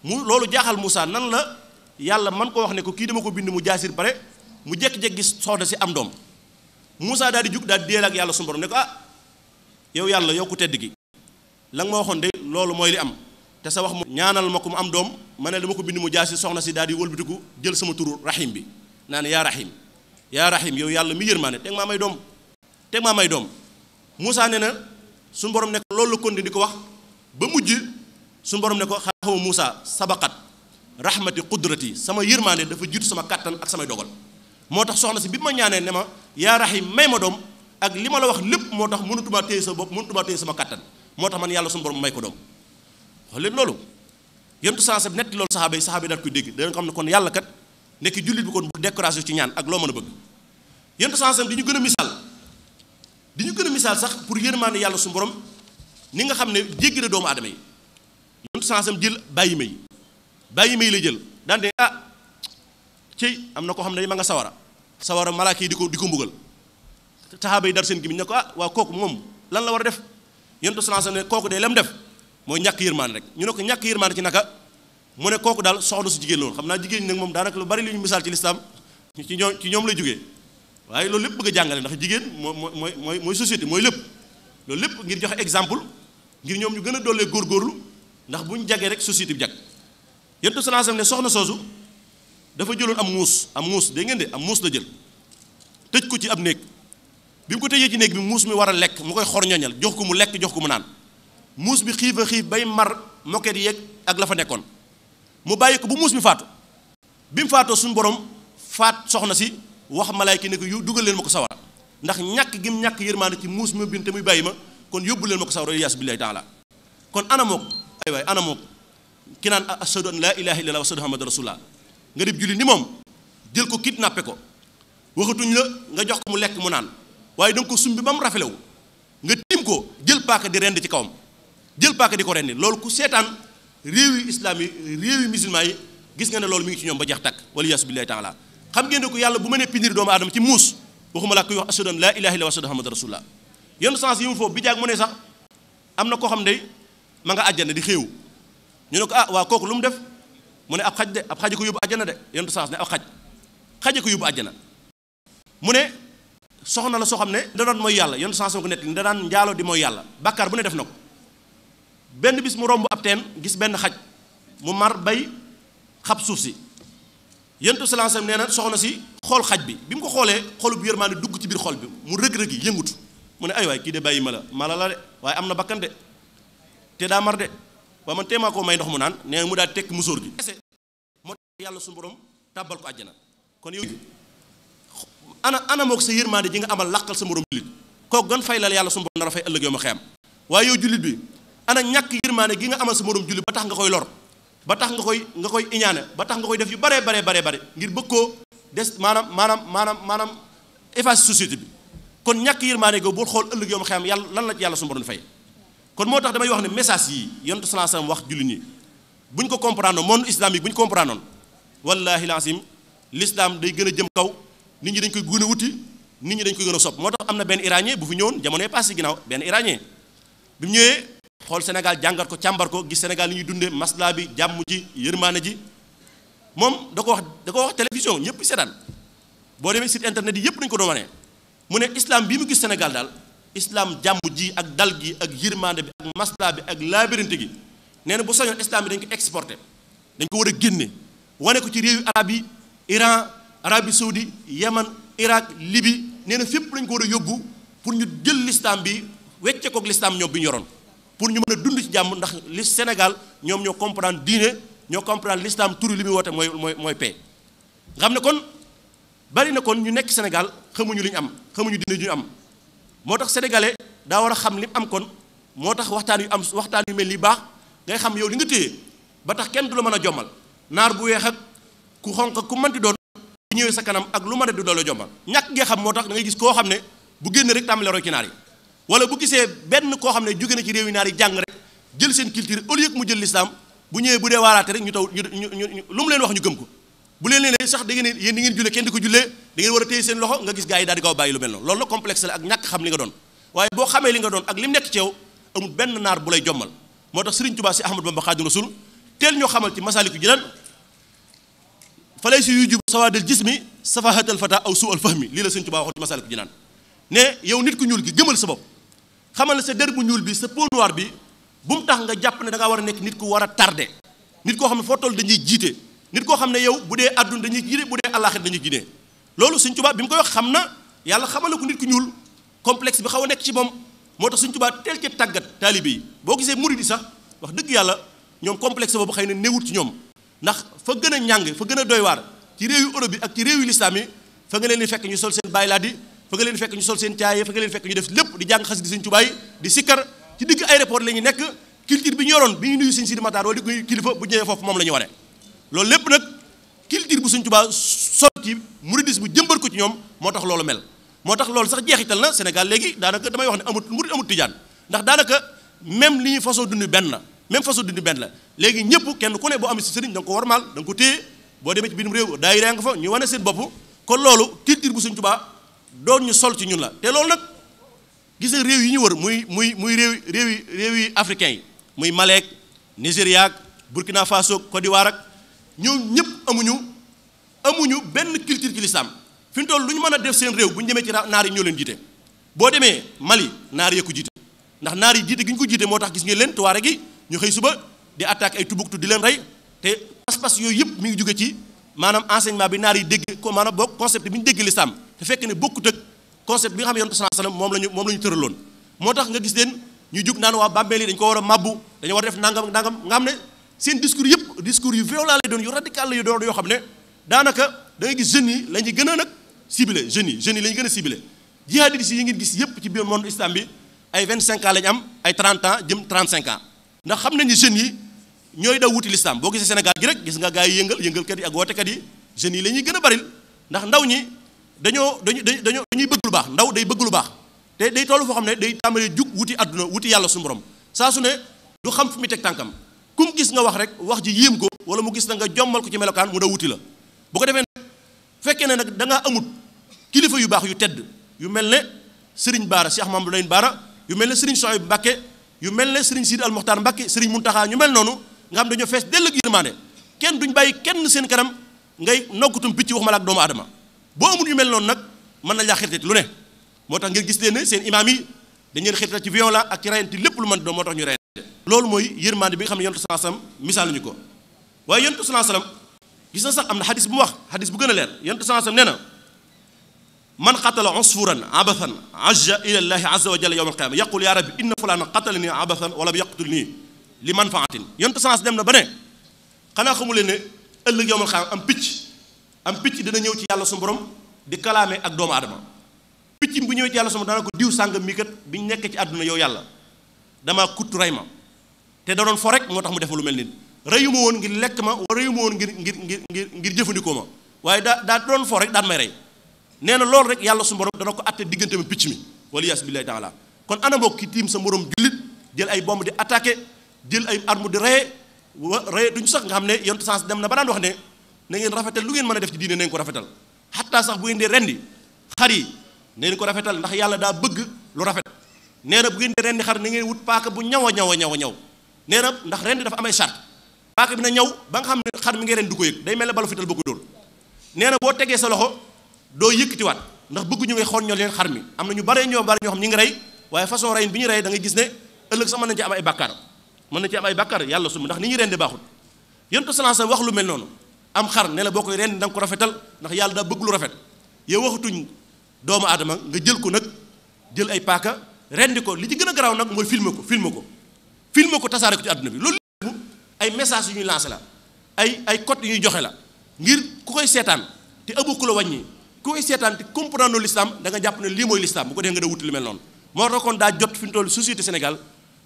mu loolu jaaxal Moussa nan la. yalla man ko wax ne ko ki dama ko bind mu jasir bare mu jek jek gis soxna ci am dom musa dal di juk dal di déel ak yàlla sunu borom ne ko ah yow yalla yow ku tedd gi la nga waxon de loolu moy li am te sa wax mu ñaanal mako mu am dom ma dama ko bind mu jasir soxna ci dal di wëlbatiku jël sama turu rahim bi nan ya rahim ya rahim yow yalla mi yërmaane tek ma may dom tek ma may dom musa ne na borom ne ko lolou la kon di wax ba mujj sun borom ne ko xaw musa sabaqat rahmati qudrati sama yërmaande dafa jiitu sama kàttan ak samay dogal moo tax soxna si bi ma ñaanee ne ma yaa rahim may ma doom ak li ma la wax lépp moo tax mënutuma téye sa bopp mënutuma téye sama kàttan moo tax man yàlla suñu borom may ko doom xool leen loolu yentu sansab netti loolu saxaaba yi saxaaba yi daat koy dégg danañ xam ne kon yàlla kat nekk jullit bi kon bu décoration ci ñaan ak loo mën a bëgg yentu sansam di ñu gën a misaal di ñu gën a misaal sax pour yërmaande yàlla su borom ni nga xam ne jéggi na doomu aadama yi yentu sansam jël bàyyima yi bayyi mi la jël dal de ah ci am ko xamne ma nga sawara sawara malaki diko diko mbugal tahabay dar sen gimiñ ne ko ah wa koku mom lan la wara def yontu sallallahu alayhi wasallam de lam def moy ñak yërmaan rek ñu ne ko ñak yërmaan ci naka mu ne koku dal soxlu su jigéen lool xamna naa jigéen ñi nag lu bari li ñu misaal ci l'islam ci ñom ci ñom la jógee waye lool lepp bëgg a ndax jigéen moy moy moy mooy société mooy lépp loolu lépp ngir joxe exemple ngir ñom ñu gëna dolé gor gorlu ndax buñu jagge rek société bi jagge yontu salaa sallam ne soxna soosu dafa jëloon am muus am muus dégg ngeen de am muus la jël tëj ko ci ab néeg bi mu ko tëjee ci néeg bi muus mi war a lekk mu koy xor ñoñal jox ko mu lekk jox ko mu naan muus bi xiif a xiif bay mar moket yeeg ak la fa nekkoon mu bàyyi ko bu muus mi faatu bi mu faatoo suñu borom faat soxna si wax malaayka ne ko yu dugal leen ma ko sawara ndax ñàkk gim ñàkk yërmaande ci muus mi bin te muy bàyyi ma kon yóbbu leen ma ko sawara yaas billahi taala kon anamook ay waay anamook ki naan ah, ashadu an laa ilaha illallah wa ashadu muhammadu rasulullah nga dib julli ni moom jël ko kit kidnappé ko waxatuñ la nga jox ko mu lekk mu naan waaye da nga ko sumbi ba mu rafelewu nga tiim ko jël paaka di rend ci kawam jël paaka di ko rendi loolu ku seetaan réew yu islaam yi réew yu musulman yi gis nga ne loolu mi ngi ci ñoom ba jeex takk wala yaasu billahi taala xam ngeen ne ko yàlla bu ma nee pindir doomu aadama ci muus waxuma laa koy wax ashadu an laa ilaha illallah wa ashadu muhammadu rasulullah yenn sens yi mu foofu bi jaag mu ne sax am na koo xam ne ma nga àjjana di xéewu ñu ne ko ah waa kooku lu mu def mu ne ab xaj de ab xaj ko yóbbu àjjana de yentu saas ne ab xaj xaje ko yóbbu àjjana mu ne soxna la soo xam ne da mooy yàlla yentu saas ko nett da daan njaaloo di mooy yàlla bàkkaar bu ne def na ko benn bis mu romb ab teen gis benn xaj mu mar bay xab suuf si yentu saas nee na soxna si xool xaj bi bi mu ko xoolee xolub yërmaande dugg ci biir xol bi mu rëg-rëg yi yëngutu mu ne ay waay kii de bàyyi ma la ma la de waaye am na bakkan de te daa mar waaye man teemaa koo may ndox mu naan nee mu daal tekk musóor gi moo tax yàlla suñu borom tàbbal ko àjjana kon yow ana ana mook sa yërmaande ji nga amal làqal sa morom jullit kooku gan fay lal yàlla su borom nar a fay ëllëg yow ma xeyam waaye yow jullit bi ana ñàkk yërmaande gi nga amal sa morom jullit ba tax nga koy lor ba tax nga koy nga koy iñaane ba tax nga koy def yu baree baree baree bare ngir bëgg koo des maanaam maanaam maanaam maanaam effacer société bi kon ñàkk yërmaande go boo xool ëllëg yow ma xeyam yàlla lan la ci yàlla suñu fay kon moo tax damay wax ne message yi yonent sallallahu alayhi wax jullit ñi bu ñu ko comprendre monde islamique bu ñu comprendre noonu wallaahi laasim l'islam day gën a jëm kaw nit ñi dañ koy gën wuti nit ñi dañ koy gën a sopp moo tax am na benn iranien bu fi ñëwoon jamonoy passé ginnaaw benn iranien bi ñëwee xool Sénégal jàngat ko càmbar ko Sénégal li ñuy dundee maslaa bi jàmm ji yërmaane ji moom da ko wax da ko wax télévision ñëpp seetaan boo demee site internet yi yëpp dañu ko doon wane mu ne islam bii mu gis Sénégal daal. islam jàmm ji ak dal gi ak yërmande bi ak masla bi ak laabirinte gi nee na bu soñoon islam bi dañ ko exporté dañ ko war a génne wane ko ci réewi arab yi Iran Arabie Saoudi Yaman Irak libi nee na fépp lañ ko war a yóbbu pour ñu jël l'islam bi wecce kook l'islam ñoom bi ñu yoroon pour ñu mën a dund ci jàmm ndax li Sénégal ñoom ñoo comprendre diine ñoo comprendre l'islam turu li muy woote mooy mooy mooy paix xam ne kon bari na kon ñu nekk Sénégal xamuñu li ñu am xamuñu diine ju ñu am moo tax sénégalais daa war a xam lim am kon moo tax waxtaan yu am waxtaan yu mel ni baax ngay xam yow li nga téye ba tax kenn du la mën a jommal naar bu weex ak ku xonq ku mënti doon bu ñëwee sa kanam ak lu ma a du doole jommal ñàkk ngee xam moo tax da ngay gis koo xam ne bu génn rek tàmbale roy ci naar yi wala bu gisee benn koo xam ne jóge na ci réew yi naar yi jàng rek jël seen culture au lieu mu jël l'islam bu ñëwee bu dee waaraate rek ñu taw ñu ñu lu leen wax ñu gëm ko bu leen leen sax da ngeen yéen di ngeen jullee kenn di ko jullee da war a téye seen loxo nga gis gars yi daal di kaw bàyyi lu mel noonu loolu la complexe la ak ñàkk xam li nga doon waaye boo xamee li nga doon ak li nekk ci yow benn naar bu lay jommal moo tax Serigne Touba si Ahmad Bamba Xaadimu Rasuul teel ñoo xamal ci masaliku jinan fa lay si yu jub sawaadil jismi safahatal fata aw suu al fahmi lii la Serigne Touba waxoon ci masaliku jinan ne yow nit ku ñuul gi gëmal sa bopp xamal na sa der bu ñuul bi sa peau noire bi bu mu tax nga jàpp ne da war a nekk nit ku war a tardé nit koo xam ne foo toll dañuy jiite nit koo xam ne yow bu dee àdduna dañuy gide bu dee àllaaxit dañuy gide loolu Sëñ Tuubaa bi mu koy wax xam na yàlla xamal na ko nit ku ñuul complexe bi xaw a nekk ci moom moo tax Sëñ Tuubaa teel ci tàggat taalibe yi boo gisee murid yi sax wax dëgg yàlla ñoom complexe boobu xëy na néewut ci ñoom ndax fa gën a ñàng fa gën a doy waar ci réew yu Europe bi ak ci réew yu lislaam yi fa nga leen di fekk ñu sol seen bàyyi laa fa nga leen fekk ñu sol seen caaye fa moom la ñu waree loolu lépp nag culture bu Sëñ Tuubaa sotti muridis bu jëmbat ko ci ñoom moo tax loolu mel moo tax loolu sax jeexital na Sénégal léegi daanaka damay wax ne amut murid amut tijaan ndax daanaka même li ñuy façon dund benn la même façon dund benn la léegi ñëpp kenn ku ne boo am si sëriñ da nga ko warmaal da nga ko téye boo demee ci biirum réew daayira nga fa ñu wane seen bopp kon loolu culture bu Sëñ Tuubaa doon ñu sol ci ñun la te loolu nag gis réew yi ñu wër muy muy muy réew réew réew yi africain yi muy Mali ak Nigéria ak Burkina Faso Côte d'Ivoire ak ñëw ñëpp amuñu amuñu benn culture ci lislaam fi mu lu ñu mën a def seen réew bu ñu demee ci naar yi ñoo leen jiite boo demee Mali naar yee ko jiite ndax naar yi jiite gi ñu ko jiite moo tax gis ngeen leen tuwaare gi ñu xëy suba di attaque ay tubuktu di leen rey te pas-pas yooyu yëpp mi ngi jóge ci maanaam enseignement bi naar yi dégg ko maanaam bokk concept bi ñu dégg lislaam te fekk ne bokkut ak concept bi nga xam ne yoon sallallahu alayhi moom lañu moom la ñu tax nga gis leen ñu jug naan waa bàmmeel yi ko war a màbbu dañu war a def nangam nga xam seen discours yëpp discours yu violent lay doon yu radical lay doon ne daanaka da ngay gis jeunes yi a nag ciblé jeunes yi jeunes yi gën a ciblé jihadistes yi ngeen gis yëpp ci biir monde islam bi ay 25 ans la ñu am ay 30 ans jëm 35 ans ndax xam nañ ni yi ñooy daw wuti l'islam boo gisee Sénégal gi rek gis nga gars yi yëngal yëngalkat yi ak wootekat yi jeunes yi la ñuy gën a baril ndax ndaw ñi dañoo dañu dañoo dañuy bëgg lu baax ndaw day bëgg lu baax te day toll foo xam ne day tàmbalee jug wuti àdduna wuti yàlla suñu saa su ne du xam fu mu teg tànkam kum gis nga wax rek wax ji yim ko wala mu gis na nga jommal ko ci melokan mu da wuti la bu ko defé fekkee nak da nga amut kilifa yu bax yu tedd yu melne serigne bara cheikh mamadou layn bara yu melne serigne sëriñ soxib yu melne serigne sid al mukhtar mbàkke serigne muntaha ñu mel nonu nga am dañu fess dell ak yërmaane ken duñ bàyyi ken seen karam ngay nokutum picc waxuma malak doomu adama bo amul yu mel non nak man na la xirtati lu ne motax ngir gis leen seen yi dañ leen ci violence ak lepp lu man do motax ñu ray loolu mooy yërmande bi nga xam ne yontu salaa salaam misaaluñu ko waaye yontu salaa salaam gis na sax am na xadis bu mu wax xadis bu gën a leer yontu salaa salaam nee na man qatala usfuran abathan ajja ila llahi azza wa jalla yawm alqiyama yaqul ya rabbi inna fulana qatala nii abathan wala bi yaqtul nii li manfaatin yontu salaa dem na ba ne xanaa xamu leen ne ëllëg yawm alqiyama am picc am picc dina ñëw ci yàlla su borom di kalaame ak doomu aadama picc bu ñëwee ci yàlla su borom mi kat biñ nekk ci àdduna yow yàlla damaa kutt ray ma te da doon fo rek moo tax mu def lu mel nii reyu woon ngir lekk ma reyu ma woon ngir ngir ngir ngir ngir jëfandikoo ma waaye da daa doon fo rek daan may rey nee na loolu rek yàlla su borom dana ko atte diggante mi picc mi wala yaas billahi taala kon ana mbokk ki tiim sa morom julit jël ay bomb di attaqué jël ay arme di reye wa duñ sax nga xam ne yontu sans dem na ba daan wax ne na ngeen rafetal lu ngeen mën a def ci diine nañ ko rafetal hatta sax bu ngeen di rendi xar yi nañ ko rafetal ndax yàlla daa bëgg lu rafet nee na bu ngeen di rendi xar na ngeen wut paaka bu ñaw a ñaw a ñaw a ñaw nee na ndax ren di dafa amay charte paaka bi na ñëw ba nga xam ne xar mi ngi ren du ko yëg day mel ne balu fital boo ko dóor nee na boo tegee sa loxo doo yëkkatiwaat ndax bëgguñu ngay xool ñoo leen xar mi am na ñu bare ñoo bare ñoo xam ñi ngi rey waaye façon reyin bi ñu rey dangay ngay gis ne ëllëg sax mën nañ ci am ay bàkkaar mën nañ ci am ay bàkkaar yàlla sum ndax ni ñuy rendi baaxul yontu sallallahu alayhi wasallam wax lu mel noonu am xar ne la boo koy rendi da rafetal ndax yàlla daa bëgg lu yow waxatuñ doomu aadama nga jël ko nag jël ay paaka rendi ko li ci gën a garaaw nag mooy filmer ko filmer ko filmer ko tasaare ko ci àdduna bi loolu ay message yu ñuy lancé la ay ay code yu ñuy joxe la ngir ku koy seetaan te ëbbu ku la wàññi ku koy seetaan te comprendre l'islam da nga jàpp ne lii mooy listam bu ko dee nga da wuti lu mel noonu moo tax kon daa jot fi ñu toll société Sénégal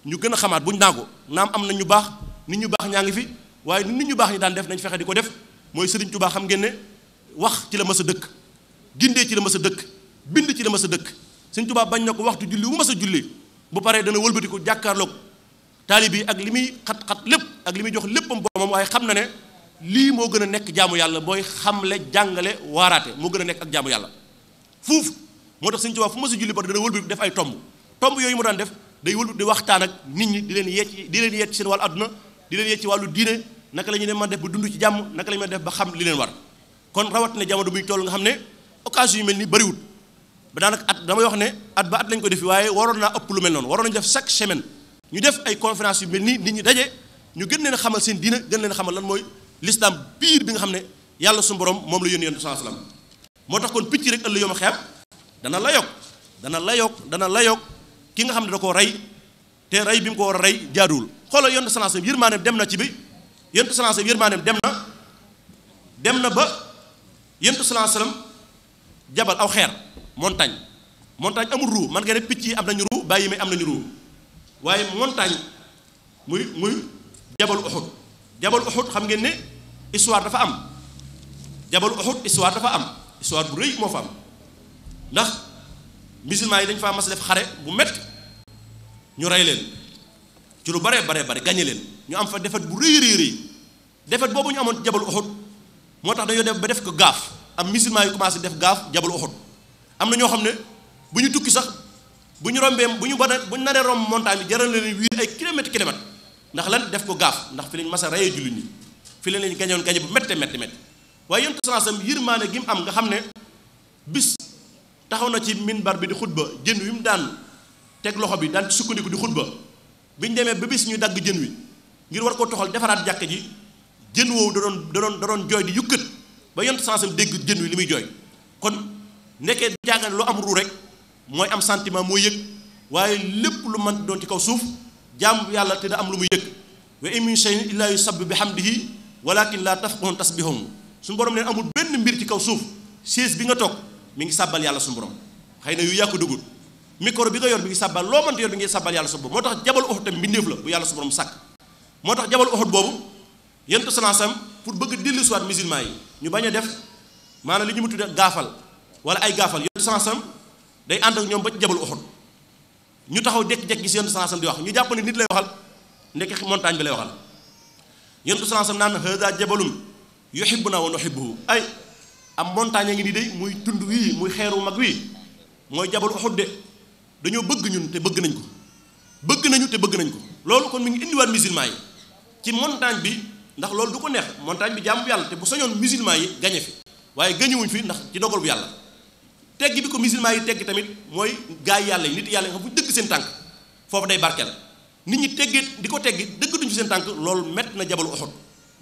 ñu gën a xamaat buñ naago naam am na ñu baax nit ñu baax ñaa ngi fi waaye nit ñu baax ñi daan def nañ fexe di ko def mooy Sëriñ Tuubaa xam ngeen ne wax ci la mas a dëkk gindee ci la mas a dëkk bind ci la mas a dëkk Sëriñ Tuubaa bañ na ko waxtu julli bu mas a julli bu paree dana wëlbati ko jàkkaarloog taalib yi ak li muy xat-xat lépp ak li muy jox léppam boromam waaye xam na ne lii moo gën a nekk jaamu yàlla mooy xamle jàngale waaraate moo gën a nekk ak jaamu yàlla fuuf moo tax Sëñ Tuubaa fu ma si julli ba dana wëlbati def ay tomb tomb yooyu mu daan def day wëlbati di waxtaan ak nit ñi di leen yeet di leen yeet ci seen wàllu àdduna di leen yeet ci wàllu diine naka la ñu ne man def ba dund ci jàmm naka la ñu def ba xam li leen war kon rawat na jamono bu ñu toll nga xam ne occasion yu mel ni bëriwut ba daanaka at damay ne at ba at lañ ko waroon naa ëpp lu mel noonu waroon nañu def chaque semaine ñu def ay conférence yu mel ni nit ñi daje ñu gën leen xamal seen diina gën leen xamal lan mooy l'islam biir bi nga xam ne yàlla suñu borom moom la yónni yonent saa salaam moo tax kon picc rek ëllëg yom a xeeb dana yok dana yok dana yok ki nga xam ne da koo rey te rey bi mu ko war a rey jaaduwul xoolal yonent saa salaam yërmaaneem dem na ci bi yonent saa salaam yërmaaneem dem na dem na ba yonent saa salaam jabal aw xeer montagne montagne amul ruu man nga ne picc yi am nañu ruu bàyyi may am nañu ruu waaye montagne muy muy jabal uxut jabal uxut xam ngeen ne histoire dafa am jabal uxut histoire dafa am histoire bu rëy moo fa am ndax musulman yi dañ faa mas def xare bu métti ñu rey leen ci lu bare bare bare gañe leen ñu am fa defet bu rëy rëy rëy defet boobu ñu amoon ci jabal uxut moo tax dañoo def ba def ko gaaf am musulman yi commencé def gaaf jabal uxut am na ñoo xam ne bu ñu tukki sax bu ñu rombee bu ñu bana bu ñu naree romb montagne bi jaral na leen wiir ay kilomètre kilomètre ndax lan def ko gaaf ndax fi lañ mas a rayee jullit ñi fi lañ lañ gañoon gañe bu métte métte métte waaye yontu sansam yërmaane gi mu am nga xam ne bis taxaw na ci minbar bi di xutba jën wi mu daan teg loxo bi daan sukkandiku di xutba bi ñu demee ba bis ñuy dagg jën wi ngir war koo toxal defaraat jàkk ji jën woowu da doon da doon da doon jooy di yukkat ba yont sansam dégg jën wi li muy jooy kon nekkee jàngal lu am ru rek moy am sentiment moy yek waye lepp lu man don ci kaw suuf jaam yalla te da am lu mu yek wa imin shay illa yusabbi bihamdihi walakin la tafqahu tasbihum sun borom len amul benn mbir ci kaw suuf siis bi nga tok mi ngi sabbal yalla sun borom xeyna na yu yàqu dugul micro bi nga yor bi ngi sàbbal loo mënta yor bi ngi sabbal yalla sun borom motax jabal Uhud tam bindef la bu yalla sun borom sak motax jabal Uhud bobu yentu sanasam pour bëgg dellu suwat musulman yi ñu baña def mana li ñu mu tudde gafal, wala ay gafal yentu sanasam day ànd ak ñoom ba ci jabal ñu taxaw jékki-jékki gis Yonent sallallahu alayhi wasallam di wax ñu jàpp ne nit lay waxal ndekki montagne bi lay waxal Yonent sallallahu alayhi wasallam naan haaza jabalun yuhibbunaa wa nuhibbuhu ay am montagne a ngi nii day muy tund wii muy wu mag wii mooy jabal Uhud de dañoo bëgg ñun te bëgg nañ ko bëgg nañu te bëgg nañ ko loolu kon mi ngi indiwaat musulman yi ci montagne bi ndax loolu du ko neex montagne bi jàmm yàlla te bu sañoon musulman yi gañe fi waaye gañewuñ fi ndax ci dogal yàlla tegg bi ko musulman yi tegg tamit mooy gaay yàlla yi nit yàlla nga xam fu ñu dëgg seen tànk foofu day barkeel nit ñi teggee di ko teggi dëgg duñ seen tànk loolu mett na jabalu Uhud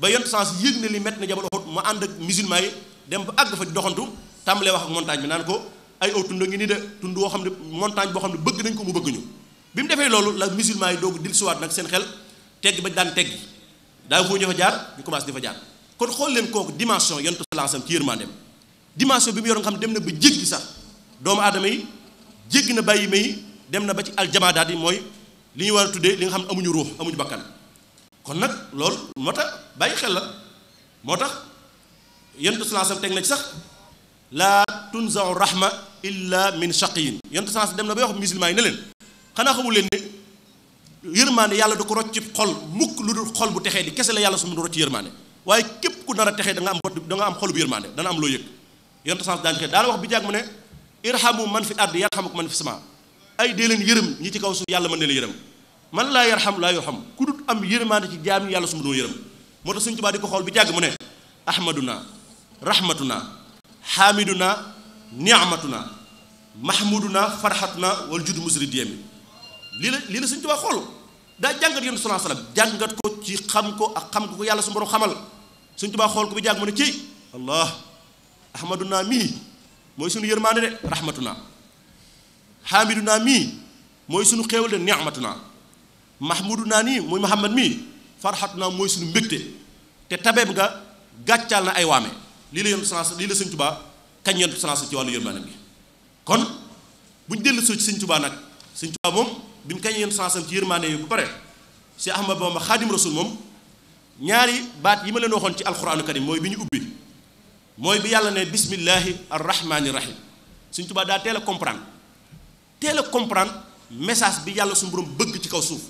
ba yont sens yëg na li na jabalu Uhud mu ànd ak musulman dem ba àgg fa wax ak montagne bi naan ko ay aw tund ngi nii de tund boo xam ne bëgg nañ ko mu bëgg ñu mu defee loolu la musulman yi doog dil siwaat nag seen xel tegg ba daan teggi daa ko fa jaar ñu commencé di fa jaar kon xool leen kooku dimension yont salaasam ci yërmandeem dimension bi mu yoroon xam dem na ba jéggi sax doomu aadama yi jéggi na bàyyi may dem na ba ci aljamaadaat yi mooy li ñu war a tuddee li nga xam ne amuñu ruux amuñu bakkan kon nag lool moo tax bàyyi xel la moo tax yentu salaasam teg na ci sax laa tunzau rahma illa min shaqiyin yentu salaasam dem na ba wax musulman yi ne leen xanaa xamul leen ne yërmaande yàlla du ko rocc ci xol mukk lu dul xol bu texee di kese la yàlla su mu rocc yërmaande waaye képp ku nar a texee da am da nga am xol bu yërmaande dana am loo yëg yonte sens daan daana wax bi jàg mu ne irhamu man fi ardi yarhamukum man fi sama ay dee leen yërëm ñi ci kaw su yàlla mën ne leen yërëm man laa yarham laa yarham ku dut am yërëmaande ci jaam ñi yàlla su ma doon yërëm moo tax suñ tubaa di ko xool bi jàgg mu ne ahmaduna rahmatuna hamiduna niamatuna mahmuduna farhatuna wal judu musri diyami lii la lii la suñ tubaa xool daa jàngat yonte salaa salaam jàngat ko ci xam ko ak xam ko ko yàlla su borom xamal suñ tubaa xool ko bi jàgg mu ne ci allah ahmaduna mii mooy sunu yërmaande de rahmatuna hamiduna mii mooy sunu xéewal de ni'matuna mahmuduna nii mooy muhammad mii farxatuna mooy sunu mbégte te tabeeb nga gàccaal na ay waame lii la yontu sanc lii la sëñ tubaa kañ yontu sanc ci wàllu yërmaande bi kon bu ñu dellu soo ci sëñ tubaa nag sëñ tubaa moom bi mu kañ yontu sanc ci yërmaande yi bu pare si ahmad bamba xaadim rasul moom ñaari baat yi ma leen waxoon ci alquranu karim mooy bi ñu ubbi mooy bi yàlla ne bismillahi arrahmani rahim suñ tubaa daa teel a comprendre teel a comprendre message bi yàlla su suñu borom bëgg ci kaw suuf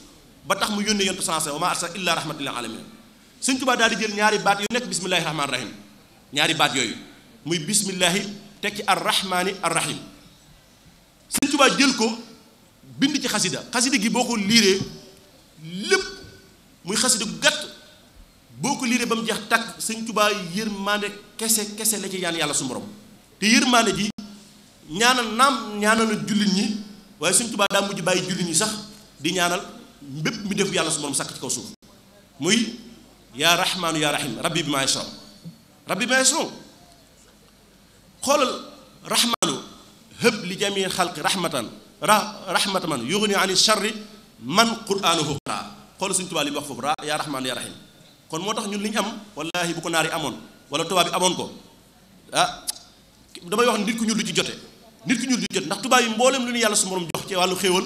ba tax mu yónnee yontu sanse wa ma arsa illa rahmatil alamin suñ tubaa daal di jël ñaari baat yu nekk bismillahi rahmani rahim ñaari baat yooyu muy bismillahi tekki arrahmani arrahim suñ tubaa jël ko bind ci xasida xasida gi boo ko liiree lépp muy xasida gu Buku ko bam tak jeex tak seigne touba yermane kese kese la ci yalla yalla su borom te yermane ji ñaanal nam ñaanal jullit ñi waaye sëñ Tuubaa mujj baye jullit ñi sax di ñaanal mbépp mi def yalla su borom sàkk ci kaw suuf muy ya rahman ya rahim rabbi bima maa rabbi bima maa yasraw rahmanu hab li jamii rahmatan ra rahmatan yughni ani sharri man quranuhu raa xoolal seigne touba li wax ya ra ya rahman ya rahim kon moo tax ñun li ñu am wallaahi bu ko naar yi amoon wala tubaab yi amoon ko ah damay wax nit ku ñu lu ci jote nit ku ñuul du jote ndax tubaab yi mbooleem lu ñu yàlla su morom jox ci wàllu xéewal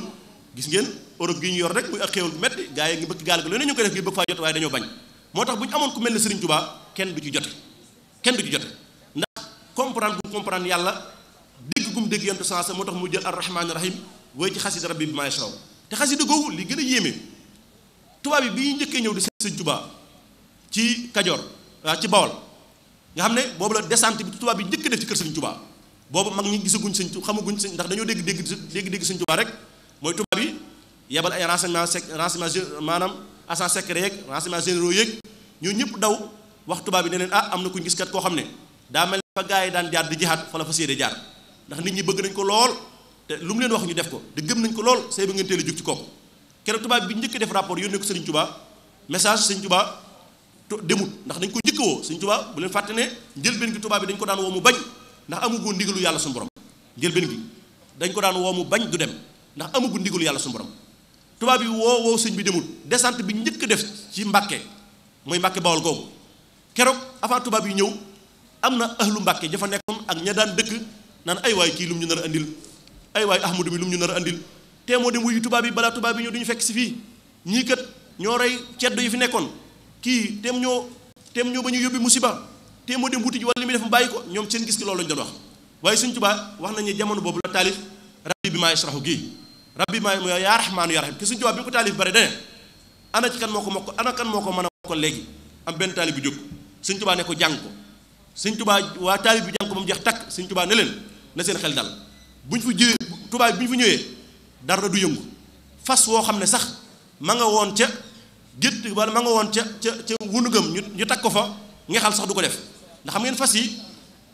gis ngeen Europe gi ñu yor rek muy ak xéewal bu metti gaa yi ngi bëgg gaal ga lu ne ñu ngi koy def ngir bëgg faa jote moo tax bu amoon ku mel ne Serigne Touba kenn du ci jote kenn du ci jote ndax comprendre gu comprendre yàlla dégg gum dégg yontu sansa moo tax mu jël arrahmaani rahim wooy ci xasida rabbi bi maa yasraw te xasida googu li gën a yéeme tubaab yi bi ñu njëkkee ñëw di Serigne Touba ci Kajoor ah, ci Bawol nga xam ne boobu la descente bi tubaab bi njëkk def ci kër Sëriñ Tuubaa boobu mag ñi gisaguñ sëñ xamaguñ sëñ ndax dañoo dégg dégg dégg dégg sëñ Tuubaa rek mooy tubaab yi yebal ay renseignement sec renseignement maanaam agent secret yeeg renseignement généraux yeeg ñoo ñëpp daw wax tubaab yi ne leen ah, am na kuñ gis kat koo xam ne daa mel fa gars yi daan jaar di jihaat fa la fa jaar ndax nit ñi bëgg nañ ko lool te lu leen wax ñu def ko te gëm nañ ko lool say ba ngeen teel a jóg def rapport yónnee ko Sëriñ Tuubaa message Sëriñ Tuubaa demut ndax dañ ko njëkk woo Sëñ Tuubaa bu leen fàtte ne njëlbeen tubaab bi dañ ko daan woo mu bañ ndax amugu ndigalu yàlla suñu borom njëlbeen dañ ko daan woo mu bañ du dem ndax amugu yàlla suñu borom tubaab bi woo sëñ bi demut descente bi njëkk def ci Mbàkke mooy Mbàkke Bawol googu keroog avant tubaab yi ñëw am na ahlu Mbàkke dafa nekkoon ak ña daan dëkk naan ay waay kii lu mu ñu nar a indil ay waay ahmadu mi lu mu ñu nar a indil te moo dem wuyu tubaab yi balaa tubaab yi du ñu fekk si fii ñii kat ñoo rey ceddo yi fi nekkoon kii teem ñoo teem ñoo ba ñu yóbbi musiba teem moo dem wuti ji wala li muy def mu bàyyi ko ñoom seen gis gi loolu lañ doon wax waaye Sëñ Tuubaa wax nañu jamono boobu la taalif rabbi bi maa yasrahu gii rabbi maa mooy yaa rahmaanu yaa rahim te Sëñ Tuubaa bi ko taalif bare dane ko mokk kan moo ko mën a mokkal léegi am benn taalib bu jóg Sëñ ne ko jàng ko Sëñ Tuubaa waa taalib bi jàng ko moom jeex takk Sëñ Tuubaa ne leen na seen xel dal buñ fa jëlee tubaab bi bu ñu fa ñëwee dara du yëngu fas woo xam ne sax ma nga woon ca gétt wala ma nga won ci ci wunugam ñu ñu takko fa nga xal sax du ko def ndax xam ngeen fas yi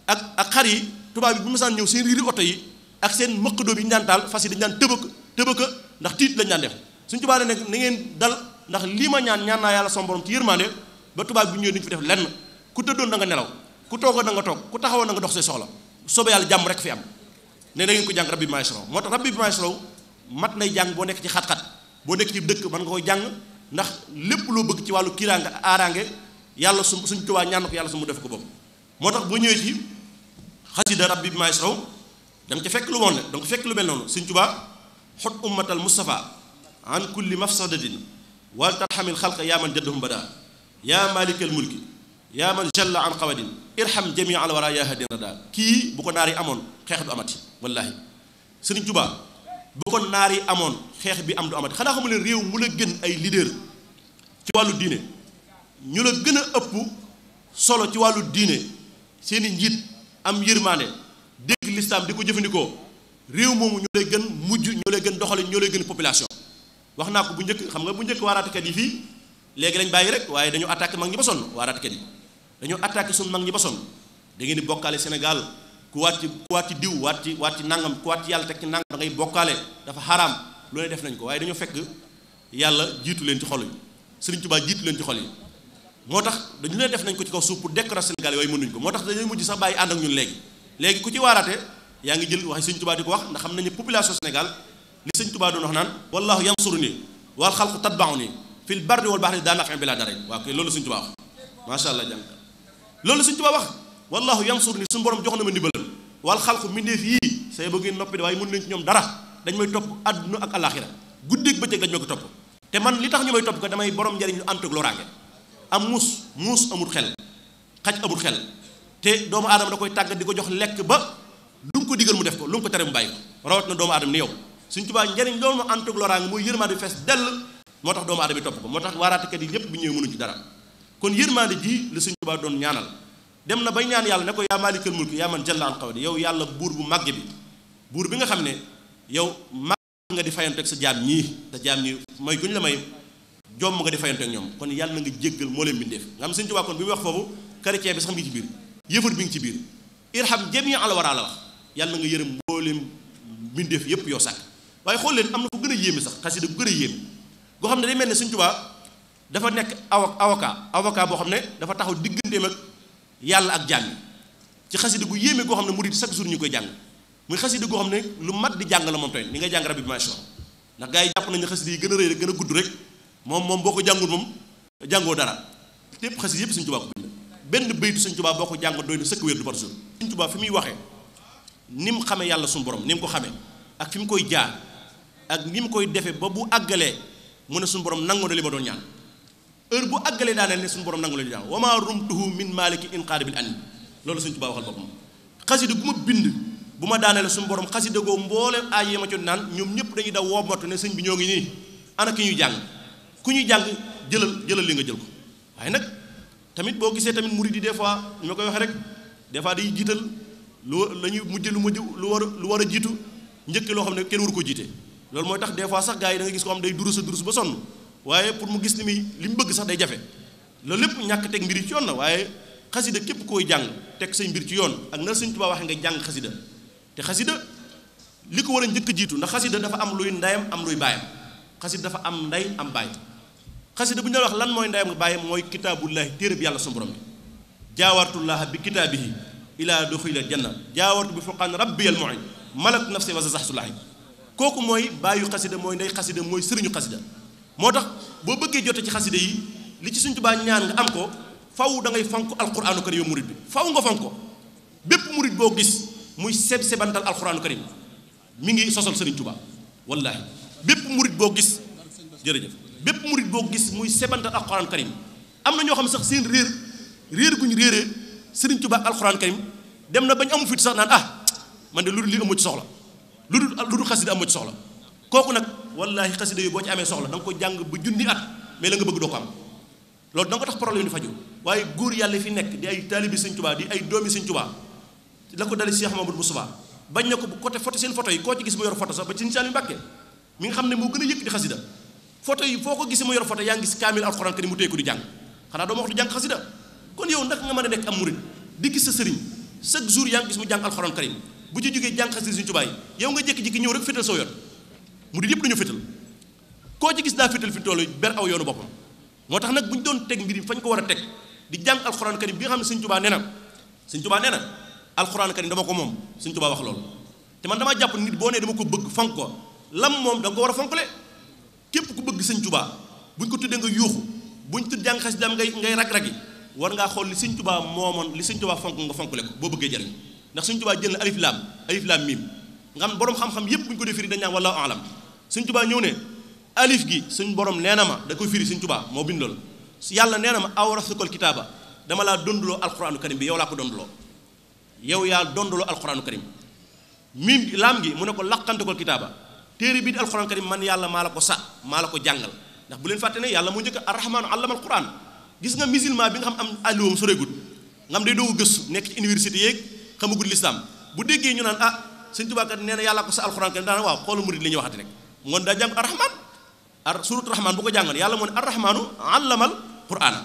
ak ak xar yi tubaab bi bu san ñew seen riri auto yi ak seen mëq do bi ñaan dal fas yi dañu daan ndax tit lañu ñaan def suñu tuba nek na ngeen dal ndax li ma ñaan ñaan na yalla son borom ci yermane ba tuba bi ñew duñu fi def lenn ku tëddoon na nga nelaw ku togo na nga tok ku taxaw na nga dox say soxla sobe yalla jam rek fi am ne na ngeen ko jang rabbi maishro maasraw rabbi maishro mat nay jang bo nek ci xat-xat bo nek ci dëkk man nga ko jang ndax lépp loo bëgg ci wàllu kiiraange aaraange yàlla su suñ tubaa ñaan ko yàlla su mu def ko bopp moo tax boo ñëwee ci xasida rabbi bi maay sow da nga ca fekk lu woon ne donc fekk lu mel noonu suñ tubaa xot ummatal mustafa an kulli mafsadatin wal tarxamil xalqa yaa man jaddahum badaa yaa malikal mulki yaa man jalla an xawadin irham jami al wara yaa hadin rada kii bu ko naar yi amoon xeex du amati wallaahi sëriñ tubaa bu ko naar yi amoon xeex bi am du amati xanaa xamu leen réew mu la gën ay leader ci wàllu diine ñu la gën a ëpp solo ci wàllu diine seeni njiit am yërmaane dégg lislaam di ko jëfandikoo réew moomu ñoo lay gën mujj ñoo lay gën doxale ñoo lay gën population wax naa ko bu njëkk xam nga bu njëkk waaraatekat yi fii léegi lañ bàyyi rek waaye dañu attaqué mag ñi ba sonn waaraatekat yi dañu attaqué suñu mag ñi ba sonn da ngeen di bokkaale Sénégal ku waat ci ku waat ci diw waat ci waat ci nangam ku waat ci yàlla teg ci nangam da bokkaale dafa xaraam loolu def nañ leen ci xol yi Sëriñ Tuubaa jiitu leen ci xol yi moo tax dañu leen def nañ ko ci kaw suuf pour décorer Sénégal yooyu mënuñ ko moo tax dañuy mujj sax bàyyi ànd ak ñun léegi léegi ku ci waaraate yaa ngi jël waxi Sëriñ Tuubaa di ko wax ndax xam nañu population Sénégal li Sëriñ Tuubaa laa dara waaw kay loolu Sëriñ Tuubaa wax macha allah loolu Sëriñ Tuubaa wax wallahu yansur ni suñu borom jox na ma ndimbalal wal xalqu mbindeef yii say bëggee noppi de waaye mën nañ ci ñoom dara dañ may topp àdduna ak àllaaxira guddeeg bëccëg dañ ma ko topp te man li tax ñu may topp ko damay borom njariñ lu ànd am muus muus amul xel xaj amul xel te doomu aadama da koy tàggat di ko jox lekk ba lu mu ko digal mu def ko lu mu ko tere mu bàyyi rawat na doomu aadama ni yow suñ tubaa njariñ loolu mu ànd ak loraange mooy yërmaande fees dell moo tax doomu aadama bi topp ko moo tax waaraatekat yi ñëpp bu ñëwee mënuñ ci dara kon yërmaande ji la suñ tubaa doon ñaanal dem na bay ñaan yàlla ne ko yaa maalikal mulki yaa man jalla an xawdi yow yàlla buur bu màgg bi buur bi nga xam ne yow màgg nga di fayanteeg sa jaam ñii sa jaam ñii may guñ la may jomm nga di fayanteeg ñoom kon yàlla na nga jéggal moo leen bindeef nga xam sëñ Tuubaa kon bi wax foofu chrétien bi sax mi biir yëfar bi ngi ci biir irham jami al wara la wax yàlla nga yërëm mbooleem bindeef yépp yow sàkk waaye xool leen am na fu gën a yéeme sax xasida gu gën a yéeme goo xam ne day mel ne sëñ Tuubaa dafa nekk avocat avocat boo xam ne dafa taxaw digganteem ak yàlla ak jàmm ci xasida gu yéeme koo xam ne di chaque jour ñu koy jàng muy xasida goo xam ne lu mat di jàng la moom tamit ni ngay jàng rabbi bi macha ndax gars yi jàpp nañu xasida yi gën a rëy rek gën a gudd rek moom moom boo ko jàngul moom jàngoo dara tépp xasida yëpp Sëñ Tuubaa ko bind benn baytu Sëñ Tuubaa boo ko jàng doy na sëkk wér du par jour Sëñ Tuubaa fi muy waxee ni mu xamee yàlla suñu borom ni mu ko xamee ak fi mu koy jaar ak ni mu koy defee ba bu àggalee mu ne suñu borom nangoo na li ma doon ñaan heure bu àggalee daaneel ne suñu borom nangu la ñu jaamu wama rumtuhu min maliki inqaadi bil anni loolu bu ma daanele suñu borom xasida goo mbooleem aay yi ma ci naan ñoom ñëpp dañuy daw woomatu ne sëñ bi ñoo ngi nii ana ki ñuy jàng ku ñuy jàng jëlal jëlal li nga jël ko waaye nag tamit boo gisee tamit murid yi des fois ñu ma koy waxee rek des fois day jiital lu la ñuy mujj lu mujj lu war lu war a jiitu njëkk loo xam ne kenn waru ko jiite loolu mooy tax des fois sax gars yi da nga gis ko am day durus a ba sonn waaye pour mu gis ni muy li mu bëgg sax day jafe loolu lépp ñàkk teg mbir yi ci yoon na waaye xasida képp koy jàng teg say mbir ci yoon ak na sëñ Tuubaa waxee nga jàng xasida te xasida li ko war njëkk jiitu ndax xasida dafa am luy ndayam am luy baayam xasida dafa am nday am baay xasida bu ñu wax lan mooy ndayam ak mooy kitaabullahi téere bi yàlla sunu borom bi jaawartullaha bi kitaabihi ilaa duxila janna jaawartu bi furqaan rabbiyal muin malak nafsi wa zazaxtulahi kooku mooy baayu xasida mooy ndey xasida mooy sëriñu xasida moo tax boo bëggee jote ci xaside yi li ci Sëñ Tuubaa ñaan nga am ko faw da ngay fonk alquraanu karim murid bi faw nga fonk ko bépp murid boo gis muy seb sebantal alquraanu mi ngi sosal Sëriñ Tuubaa wallaahi bépp murid boo gis jërëjëf bépp murid boo gis muy sebantal alquraanu karim am na ñoo xam sax seen réer réer gu ñu réer Sëriñ Tuubaa ak alquraanu karim dem na bañ amu fit sax naan ah man de lu dul li amu ci soxla lu dul lu dul xaside amu ci soxla kooku nag wallaahi xasida yu boo ci amee soxla da nga ko jàng ba junni at mais la nga bëgg doo ko am loolu da ko tax problème di faju waaye góor yàlla fi nekk di ay taalibi Sëñ Tuubaa di ay doomi Sëñ Tuubaa la ko dali seen photo yi koo ci gis mu yor photo sax ba Sëñ Saliou Mbàkke ko gis mu yor photo yaa ngi gis kaamil alxuraan kariim mu téye ko di jàng xanaa doo ma wax xasida yow nga mën a nekk am murid ñëw rek fétal soo yor mu di yëpp dañoo fétal koo ci gis daa fétal fi toll ber aw yoonu boppam moo tax nag bu ñu doon teg mbir fañ ko war a teg di jàng alxuraan karim bi xam ne sëñ tubaa nee na sëñ tubaa nee na alxuraan karim dama ko moom sëñ tubaa wax loolu te man damaa jàpp nit boo nee dama ko bëgg fonk ko lam moom da nga ko war a fonkle képp ku bëgg sëñ tubaa buñ ko tuddee nga yuuxu buñ tudd jàng xas daam ngay ngay rag-ragi war ngaa xool li sëñ tubaa moomoon li sëñ tubaa fonk nga fonkle ko boo bëggee jariñ ndax sëñ tubaa jël na alif nga xam boroom xam-xam ñu ko defiri dañ naan wallahu alam sëñ tubaa ñëw ne alif gi suñ borom nee na ma da koy firi sëñ tubaa moo bind loolu yàlla nee na ma awrasukal kitaaba dama laa donduloo alquranu karim bi yow laa ko donduloo yow yaa donduloo alquranu karim miim laam gi mu ne ko laqantekol kitaaba téere bii di alquranu karim man yàlla maa la ko sa maa la ko jàngal ndax bu leen fàtte ne yàlla mu njëkk arrahmaanu allama alquran gis nga musulman bi nga xam am alliwam soregut nga xam day doogu gëstu nekk ci université yeeg xamagul lislaam bu déggee ñu naan ah sëñ tubaa yàlla ko sa alquranu karim daana waaw ñuy waxati rek ngon da jang arrahman ar surut rahman bu ko jangal yalla mo arrahmanu allamal qur'an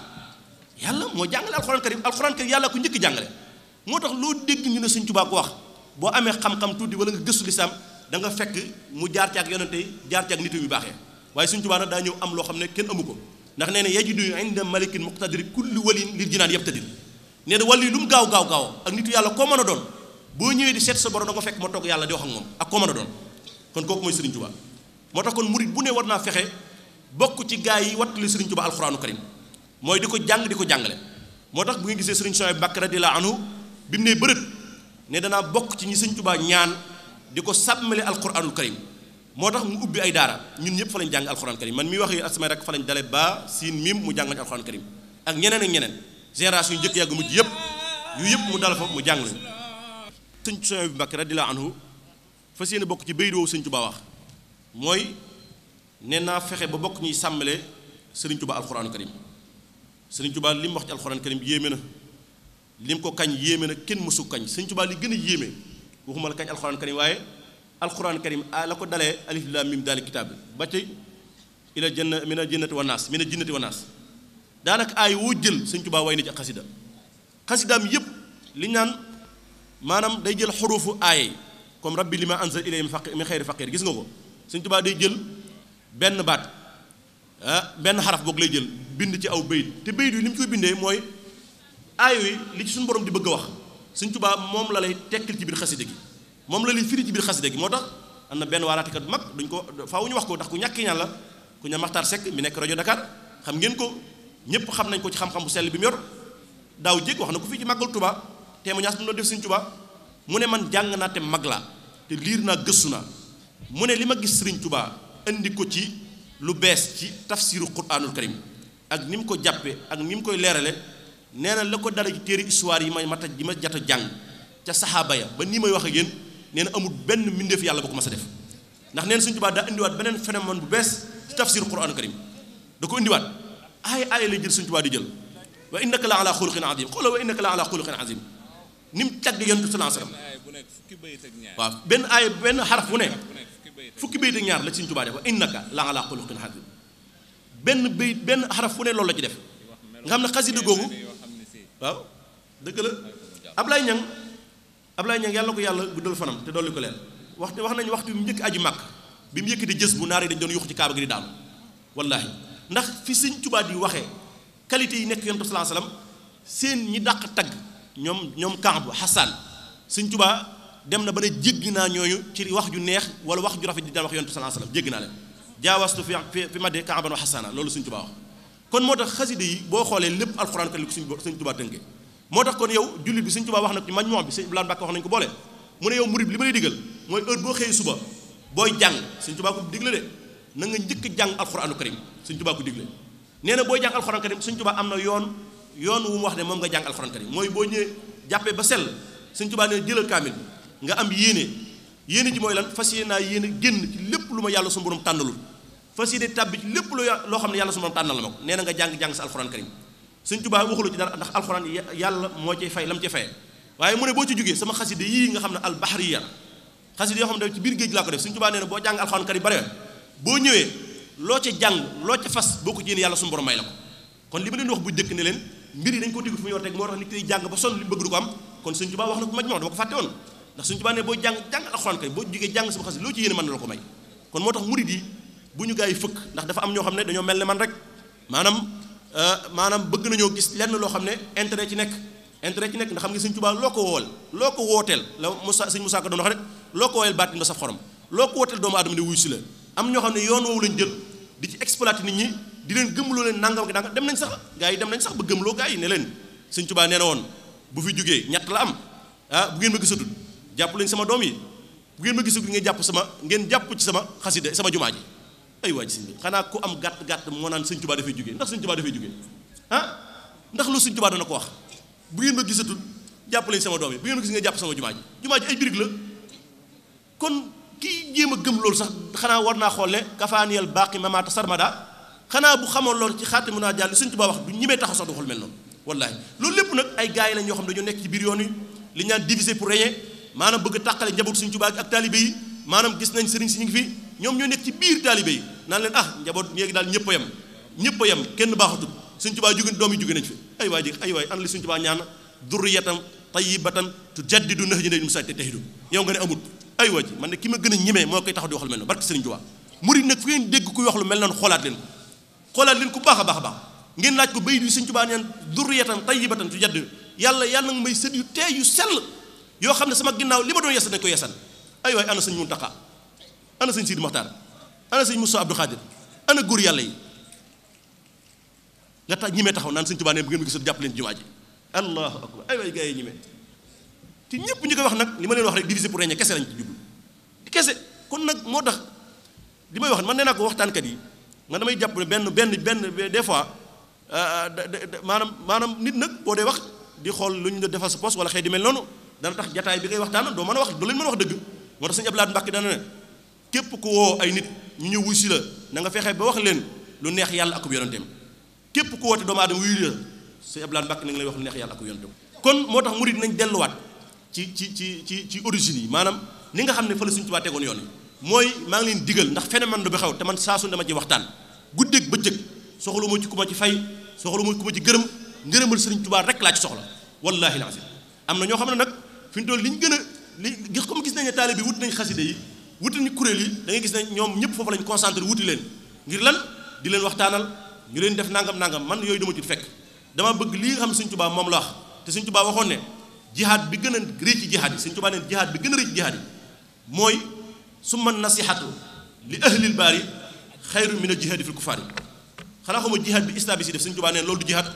yalla mo jangal alquran karim alquran karim yalla ko ñëk jangale motax lo deg ñu ne señ tuba ko wax bo amé xam xam tuddi wala nga gëssu l'islam da nga fekk mu jaar ci ak yonenté jaar ci ak nitu yu baxé waye señ na da ñew am lo xamné kenn amuko ndax neena yajidu inda malikin muqtadir kullu walin lil jinan yaftadir neena wali lum gaaw gaaw gaaw ak nitu yalla ko mëna doon bo ñëwé di sét sa borom da nga fekk mo tok yalla di wax ak mom ak ko mëna doon kon koku moy señ tuba moo tax kon murit bu ne war naa fexe bokk ci gaa yi wattali Sëriñ Tuubaa alxuraanu karim mooy di ko jàng di ko jàngale moo tax bu nga gisee Sëriñ Suhaybu Mbàkke radiyallaahu anhu bi mu nee bërët ne danaa bokk ci ñi Sëriñ Tuubaa ñaan di ko sàmmale alxuraanul karim moo tax mu ubbi ay daara ñun ñëpp fa lañ jàng alxuraan karim man mi wax ak samay rek fa lañ dale ba siin mim mu jàng alxuraan karim ak ñeneen ak ñeneen génération yu njëkk yàgg mujj yëpp yu yëpp mu dal fa mu jàng lañ sëñ Suhaybu Mbàkke radiyallaahu anhu fas yéene bokk ci béy doowu Sëriñ wax mooy nee naa fexe ba bokk ñuy sàmmale sëriñ Tuubaa alxuraanu karim sëriñ Tuubaa li mu wax ci alxuraanu karim yéeme na lim ko kañ yéeme na kenn mësu kañ sëriñ Tuubaa li gën a yéeme waxuma la kañ alxuraanu karim waaye alxuraanu karim la ko dalee alif laam miim daal kitaab ba tey ila mi mina jannati wa mi mina jinnati wa naas daanaka aay woo jël sëñ Tuubaa way na ci xasida xasidaam yépp li naan maanaam day jël xuruufu aaye comme rabbi li ma anzal ilayya min gis nga ko Sëñ Tuubaa day jël benn baat ah benn xaraf boog lay jël bind ci aw bayit te bayit yi ni mu koy bindee mooy aay yi li ci suñu borom di bëgg a wax Sëñ Tuubaa moom la lay tekkil ci biir xasida gi moom la lay firi ci biir xasida gi moo tax am na benn waaraatekat bu mag duñ ko faaw ñu wax ko ndax ku ñàkk ñaan la ku ña Maxtaar Sekk mi nekk rajo Dakar xam ngeen ko ñépp xam nañ ko ci xam-xam bu sell bi mu yor daaw jékk wax na ko fii ci màggal Tuubaa témoignage bu mu def Sëñ Tuubaa mu ne man jàng naa te mag laa te liir naa gëstu naa mu ne li ma gis Serigne Touba andi ko ci lu bes ci tafsiru Quraanul Karim ak nim ko jappé ak nim koy léralé néna na la ko dara ci téré histoire yi may mata yi jatta jàng ca sahaba ya ba ni may wax ak yéen néna amul ben mindeef yàlla bako massa def ndax néna Serigne Touba da andi wat benen phénomène bu bes ci tafsiru Quraanul Karim da ko wat ay ay la jël Serigne Touba di jël wa innaka la ala xuluqin azim qul wa innaka la ala xuluqin azim nim mu tagg sallallahu alayhi wasallam ben ay ben harf bu ne fukki bayit ak ñaar la Sëriñ Tuubaa def laa la ala xuluqin azim benn bayit benn xaraf fu ne lool la ci def nga xam ne xasida googu waaw dëgg la ab Ablaye Niang Ablaye Niang yàlla ko yàlla guddal fanam te dolli ko leen waxtu wax nañ waxtu bi mu njëkk aju màkk bi mu di jës bu naar yi dañ doon yuxu ci kaaba gi di daanu wallaahi ndax fi Sëriñ Tuubaa yi waxee qualité yi nekk yonent bi sallallahu alayhi seen ñi dàq tagg ñoom ñoom Kaabu Xasaan Sëriñ Tuubaa dem na ba ne jéggi naa ñooñu ci wax ju neex wala wax ju rafet di daan wax yonte salaa salaam jéggi naa leen jaawastu fi fi madde kaaban wa xasana loolu suñ tubaa wax kon moo tax xaside yi boo xoolee lépp alquran li ko suñ suñ tubaa tënkee moo tax kon yow jullit bi suñ tubaa wax ci mañ moom bi blan bàkk wax nañ ko boole mu ne yow murid li ma lay digal mooy heure boo xëyee suba booy jàng suñ tubaa ko digle de na nga njëkk jàng alquran karim suñ tubaa ko digle nee na booy jàng alquran karim suñ tubaa am na yoon yoon wu mu wax ne moom nga jàng alquran karim mooy boo ñëwee jàppee ba sell suñ tubaa ne jëlal kaamil nga am yéene yéene ji mooy lan fas yéene naa yéene génn ci lépp lu ma yàlla suñu borom tànnalul fas yéene tàbbi ci lépp lu loo xam ne yàlla suñu borom tànnal ma ko nee nga jàng-jàng sa alxuraan karim sëñ Tuubaa waxulu ci dara ndax alxuraan yàlla moo waaye mu ne boo ci jógee sama xaside yii nga xam ne albaxariya xaside yoo xam ne ci biir géej laa ko def sëñ Tuubaa boo jàng alxuraan karim bare loo ca jàng loo ca fas boo ko jéene yàlla suñu borom may la ko kon li ma leen bu jëkk leen mbir yi ko tegu fu ñu war teg moo kon sëñ wax na ko maj moo dama ko fàtte woon ndax suñu Tuubaa ne boo jàng jàng alxuraan kay boo jógee jàng sama xasida loo ci yéene mën na la ko may kon moo tax murid yi bu ñu gaa yi fëkk ndax dafa am ñoo xam ne dañoo mel ne man rek maanaam euh, maanaam bëgg nañoo gis lenn loo xam ne intérêt ci nekk intérêt ci nekk ndax xam nga suñ Tuubaa loo ko woowal loo ko wooteel la Moussa suñ Moussa ko doon wax rek loo ko wooweel baatin ba saf xorom loo ko wooteel doomu aadama de wuyu si la am ñoo xam ne yoon woowu lañ jël di ci exploité nit ñi di leen gëmloo leen nangam dem nañ sax gaa yi dem nañ sax ba gëmloo gaa yi leen suñ Tuubaa nee woon bu fi jógee ñett la am ah bu ngeen jàpp lañ sama doom yi bu ngeen ma gisul ngeen jàpp sama ngeen jàpp ci sama xasida sama jumaa ji ay waa ji sëñ bi xanaa ko am gàtt gàtt moo naan sëñ Tuubaa dafay jóge ndax sëñ Tuubaa dafay jógee ah ndax loolu sëñ Tuubaa dana ko wax bu ngeen ma jàpp lañ sama doom yi bu ngeen ma jàpp sama jumaa ji jumaa ji ay birig la kon kii jéem a gëm loolu sax xanaa war naa xool ne kafaaniyal baaqi mamaata sarmada xanaa bu xamoon loolu ci xaati mun naa jàll sëñ Tuubaa wax du ñimee taxaw sax du xol mel noonu wallaahi loolu lépp nag ay gars yi la ñoo xam dañoo nekk ci biir yoon yi li ñaan diviser maanaam bëgg tàqale njaboot suñ Tuubaa ak taalibe yi maanaam gis nañ sëriñ si ñu ngi fi ñoom ñoo nekk ci biir taalibe yi naan leen ah njaboot léegi daal ñëpp a yem ñëpp a yem kenn baaxatul suñ Tuubaa jóge doom yi jóge nañ fi ay waay ay waay ana li suñ Tuubaa ñaan durriyatan tayyibatan tujaddidu nahji nabi Musaa te tahidu yow nga ne amul ay waay ji man ne ki ma gën a ñemee moo koy taxaw di waxal mel noonu barke sëriñ Tuubaa murid nag fu ngeen dégg ku wax lu mel noonu xoolaat leen xoolaat leen ku baax a baax a baax ngeen laaj ko bay di suñ Tuubaa ñaan durriyatan tayyibatan tujaddidu yàlla yàlla nga may sët yu tee yu sell yoo xam ne sama ginnaaw li ma doon yesan dañ ko yesan ay waay ana sëñ Muntaxa ana sëñ Sidi Maxtaar ana sëñ Moussa Abdou Khadir ana góor yàlla yi nga tax ñimee taxaw naan sëñ Tuubaa ne bu ngeen ma gisul jàpp leen jumaa ji allahu akbar ay waay gars yi ñimee te ñëpp ñu koy wax nag li ma leen wax rek pour régner kese kon nag moo tax li may wax man nee naa ko waxtaankat yi man damay jàpp ne benn benn benn des fois euh, euh, maanaam maanaam nit nag boo dee wax di xool lu ñu la defal sa poste wala xëy di mel noonu dana tax jataay bi ngay waxtaan do mën a wax doo leen mën a wax dëgg moo tax sëñ Abdoulaye Mbacke dana ne képp ku woo ay nit ñu ñëw wuy la na nga fexe ba wax leen lu neex yàlla ak yonenteem képp ku woote doomu aadama wuyu la sëñ Abdoulaye Mbacke na lay wax neex ak kon mo tax murid nañ delluwaat ci ci ci ci ci origine yi maanaam nga xamne fa la suñ touba tegon yoni moy ma ngi leen digal ndax man do be xaw te man saa su dama ci waxtaan guddeeg bëccëg soxlu mo ci kuma ci fay soxlu mo ci kuma ci gërëm ngërëmal sëriñ touba rek la ci soxla wallahi alazim amna ño xamne nak fi ñu toll li ñu gën a li gis comme gis nañ ne taalibe bi wut nañ xaside yi wut nañ kuréel yi da gis ne ñoom ñëpp foofu lañ concentré wuti leen ngir lan di leen waxtaanal ñu leen def nangam nangam man yooyu dama ci fekk dama bëgg lii xam Sëñ Tuubaa moom la wax te Sëñ Tuubaa waxoon ne jihaad bi gën a rëy ci jihaad yi Sëñ Tuubaa ne jihaad bi gën a rëy ci jihaad yi mooy summa nasihatu li ahlil baari xayru min a jihaadi fil kufaar yi xanaa xawma jihaad bi islam bi si def Sëñ Tuubaa neen loolu du jihaad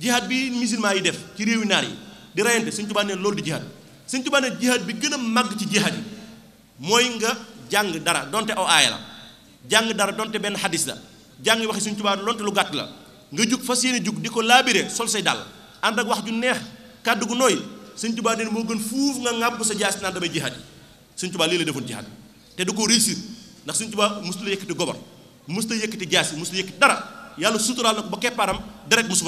jihaad bi musulman yi def ci réewi naar yi di rayante seigne touba ne lolou di jihad seigne touba ne jihad bi gën mag ci jihad yi moy nga jang dara donte o ay la jang dara donte ben xadis la jang waxi seigne touba donte lu gatt la nga juk fasiyene juk diko labiré sol say dal and ak wax ju neex kaddu gu noy seigne touba ne mo gën fouf nga ngab sa jass na dama jihad seigne touba lila defon jihad te da réussir ndax seigne touba musul yekati gobar musul yekati jass musul yekati dara yalla sutural nak ba keppaaram deret musu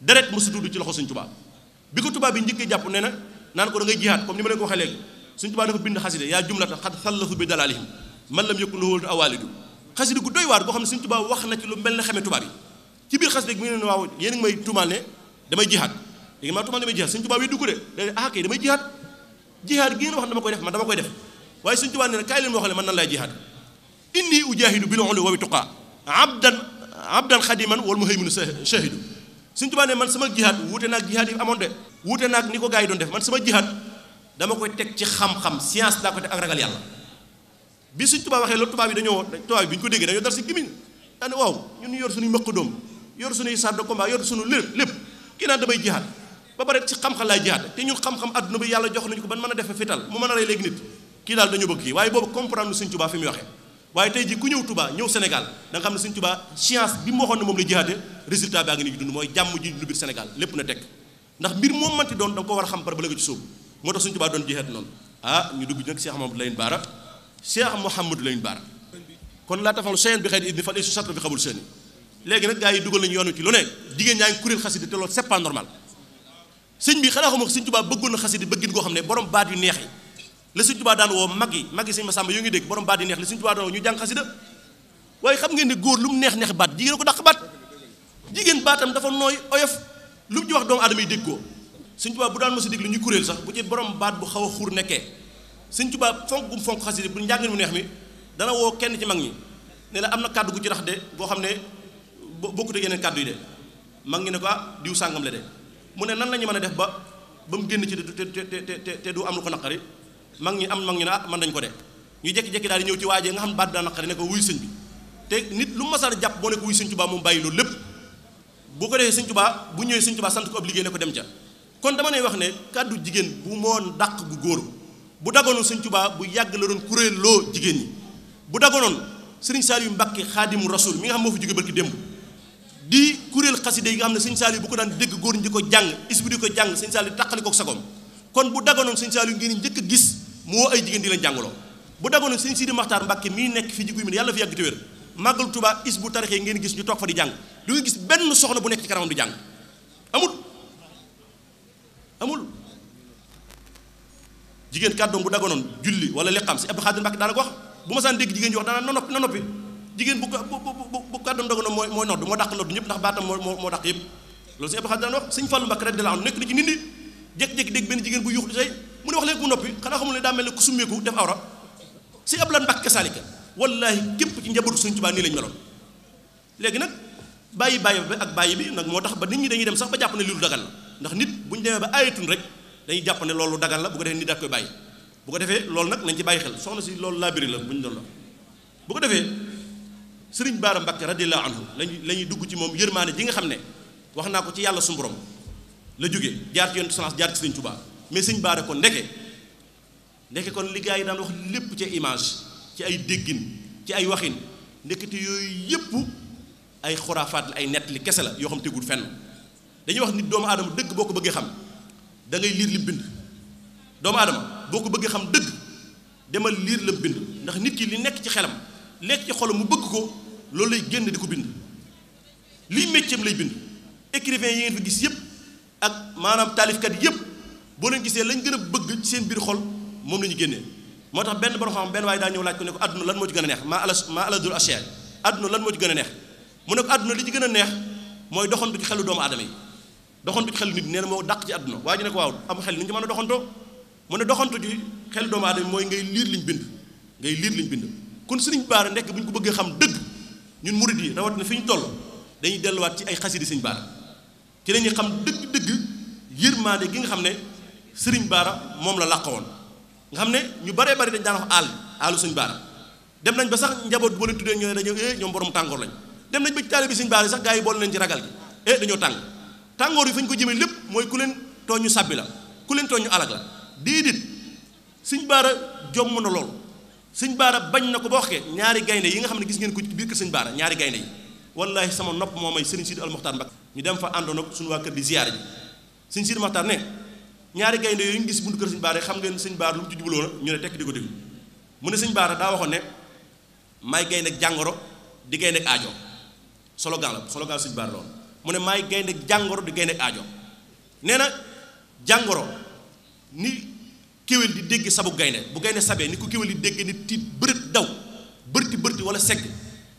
deret musu ci loxo seigne touba bi ko tubaab bi njëkkee jàpp nee na naan ko da ngay jihaat comme ni ma leen ko waxee léegi suñ tubaab dafa bind xasida yaa jumlata xad sallafu bi dalalihim man lam yëkkun lawóolu awaalidu xasida gu doy tubaab na ci lu mel ne xamee yi ci biir xasida gi mu ne waaw yéen ngi may tuumaal ne damay jihaat léegi maa tuumaal damay ah, damay jihaat jihaat gi wax ne dama koy def man dama koy def waaye suñ tubaab nee na kaay leen waxale man nan laay jihaat inni ujaahidu bil ulwi wa bi tuqaa abdan abdan xadiman wal muhayminu shahidu suñ Tuubaa ne man sama jihaad wuute naag jihaad yi amoon de wuute naag ni ko gars yi doon def man sama jihaad dama koy teg ci xam-xam science laa koy teg ak ragal yàlla bi Sëñ Tuubaa waxee loolu tubaab yi dañoo tubaab yi bi ñu ko déggee dañoo dar si gémmiñ daa ne waaw ñun yor suñuy mëq doom yor suñuy char de combat yor suñu lépp lépp kii naan damay jihaad ba pare ci xam-xam laay jihaad te ñun xam-xam adduna bi yàlla jox nañu ko ban mën a defe fital a rey léegi waaye boobu comprendre lu Sëñ Tuubaa fi muy waaye tey ji ku ñëw tubaa ñëw Sénégal da nga xam ne suñ Touba science bi mu waxoon ne moom la jihaate résultat baa ngi nii dund mooy jàmm ji lu biir Sénégal lépp na tekk ndax mbir moom manti doon da nga ko war a xam par ba la nga ci sóobu moo tax suñ Touba doon jihaat noonu ah ñu dugg nag Cheikh Mahamadou Lamine Bara Cheikh Mouhamadou Lamine Bara kon laa tafal seen bi xëy na idni fal su satra bi xabul seen i léegi nag ñaa ngi kuréel xasida te loolu c'est pas normal sëñ bi xanaa xamoo sëñ Touba bëggoon na xasida bëggin goo xam ne borom baat yu neex la Sëñ Tuubaa daan woo mag yi mag yi Sëñ Masamba yoo ngi dégg borom baat yi neex la Sëñ Tuubaa daan woo ñu jàng xasida waaye xam ngeen ne góor lu mu neex neex baat jigéen ko dàq baat jigéen baatam dafa nooy oyof lu mu ci wax doomu aadama yi dégg ko suñ Tuubaa bu daan mos a lu ñu kuréel sax bu ci borom baat bu xaw a xuur nekkee Sëñ Tuubaa fonk gum fonk xasida bu njàngin mu neex mi dana woo kenn ci mag ñi ne la am na kàddu ku ci rax de boo xam ne bokkute yeneen kàddu yi de mag ñi ne ko ah diw sàngam mu ne nan la mën a def ba ba mu génn ci te te te du am lu ko naqari mag ñi am mag ñu ne ah man dañ ko de ñu jekki-jekki daal di ñëw ci waajee nga xam ne baat bi daa ne ko wuy sëñ bi te nit lu masar jàpp boo ne ko wuy sëñ Tuubaa moom bàyyi loolu lépp bu ko defee sëñ Tuubaa bu ñëwee sëñ Tuubaa sant ko obligé ne ko dem ca kon dama lay wax ne kàddu jigéen bu moon dàq gu góor bu dagonoon sëñ Tuubaa bu yàgg la doon kuréel loo jigéen ñi bu dagonoon sëriñ Saliou Mbacke xaadimu rasul mi nga xam moo fi jóge barki démb di kuréel xaside yi nga xam ne sëñ Saliou bu ko daan dégg góor ñi di ko jàng is bi di ko jàng sëñ Saliou tàqali ko sagoom kon bu dagonoon sëñ Saliou ngeen njëkk a gis mu ay jigéen di leen jàngaloo bu dagoon sëñ Sidi Maxtaar Mbàkke mii nekk fi jiguy mi ne yàlla fi yàgg te wér màggal Tuubaa is bu tarixee ngeen gis ñu toog fa di jàng du nga gis benn soxna bu nekk ci kanamam di jàng amul amul jigéen kàddoom bu dagonoon julli wala liqaam si Abdu Xaadir Mbàkke daana ko wax bu bu bu kàddoom dagonoon mooy mooy nodd moo dàq nodd ñëpp ndax baatam moo moo dàq yëpp loolu si Abdu Xaadir daan wax sëñ Fallu Mbàkke rek di la nekk na ci nit ñi jékki-jékki dégg benn jigéen bu yuux di mu ne wax léegi mu noppi xanaa xamul ne daa mel ne ku summeeku def awra si ab lan mbàkke saalika wallaahi képp ci njabootu Sëriñ Tuubaa nii lañ meloon léegi nag bàyyi bàyyi bi ak bàyyi bi nag moo tax ba nit ñi dañuy dem sax ba jàpp ne lii lu dagal la ndax nit bu ñu demee ba ayatun rek dañuy jàpp loolu dagal la bu ko defee nit daat koy bàyyi bu ko defee loolu nag nañ ci bàyyi xel soxna si loolu laabiri la bu ñu doon la bu ko defee sëriñ Baara Mbàkke radiyallahu anhu lañu la ñuy dugg ci moom yërmaane ji nga xam ne wax naa ko ci yàlla suñu la jógee jaar ci yonent sallallahu jaar ci Sëriñ mais sëñ baara kon ndeke ndeke kon li gaa yi daan wax lépp ci image ci ay déggin ci ay waxin ndekete yooyu yépp ay xuraafaat la ay nett li kese la yoo xam tegul fenn dañuy wax nit doomu aadama dëgg boo ko bëggee xam da ngay liir lim bind doomu aadama boo ko bëggee xam dëgg demal liir lam bind ndax nit ki li nekk ci xelam lekk ci xolam mu bëgg ko loolu lay génn di ko bind liy métier lay bind écrivain yi ngeen fi gis yëpp ak maanaam taalifkat yëpp boo leen gisee lañ gën a bëgg ci seen biir xol moom la ñu génnee moo tax benn borom xam benn waaye daa ñëw laaj ko ne ko àdduna lan moo ci gën a neex maa ala maa ala dul lan moo ci gën a neex mu ne ko àdduna li ci gën a neex mooy doxantu ci xelu doomu aadama yi doxantu ci xelu nit nee moo dàq ci àdduna waaye ji ne ko waaw am xel ni ñu mën a doxantoo mu ne doxantu ci xelu doomu aadama yi mooy ngay liir liñ bind ngay liir liñ bind kon sëriñ baara nekk bu ñu ko bëggee xam dëgg ñun murid yi rawatina fi ñu toll dañuy delluwaat ci ay xasidi sëriñ baara ci lañuy xam dëgg-dëgg yërmaande gi nga xam ne sëriñ baara moom la làq woon nga xam ne ñu baree bari dañ daan wax àll àllu sëñ baara dem nañ ba sax njaboot boo tuddee ñoo dañoo eh ñoom borom tàngoor lañ dem nañ ba ci taalibe bi sëñ baara yi sax ci ragal eh, dañoo tàng tàngoor yi fa ñu ko jëmee lépp mooy ku leen tooñ ñu sàbbi la ku leen tooñ ñu alag la déedéet sëñ baara jomm na lool sëñ baara bañ na ko ba waxee ñaari gaynde yi nga xam ne gis ngeen ko ci biir kër sëñ baara ñaari gaynde yi wallahi sama nopp moo may sëriñ Sidi Al Mokhtar Mbacke ñu dem fa àndoon ak suñu waa kër di ziyaar ji sëñ Sidi Mokhtar ne ñaari gaynde yooyu ñu gis buntu kër sëñ baara xam ngeen sëñ baara lu mu ci ñu ne tekk di ko déglu mu ne sëñ baara daa waxoon ne maay gaynde jàngoro di gaynde ajo aajo slogan la slogan sëñ mu ne maay gaynde jàngoro di gaynde ak nee na jàngoro ni kéwél di dégg sabu gaynde bu gaynde sabee ni ko kéwél di dégg ni tiit bërët daw bërti bërti wala segg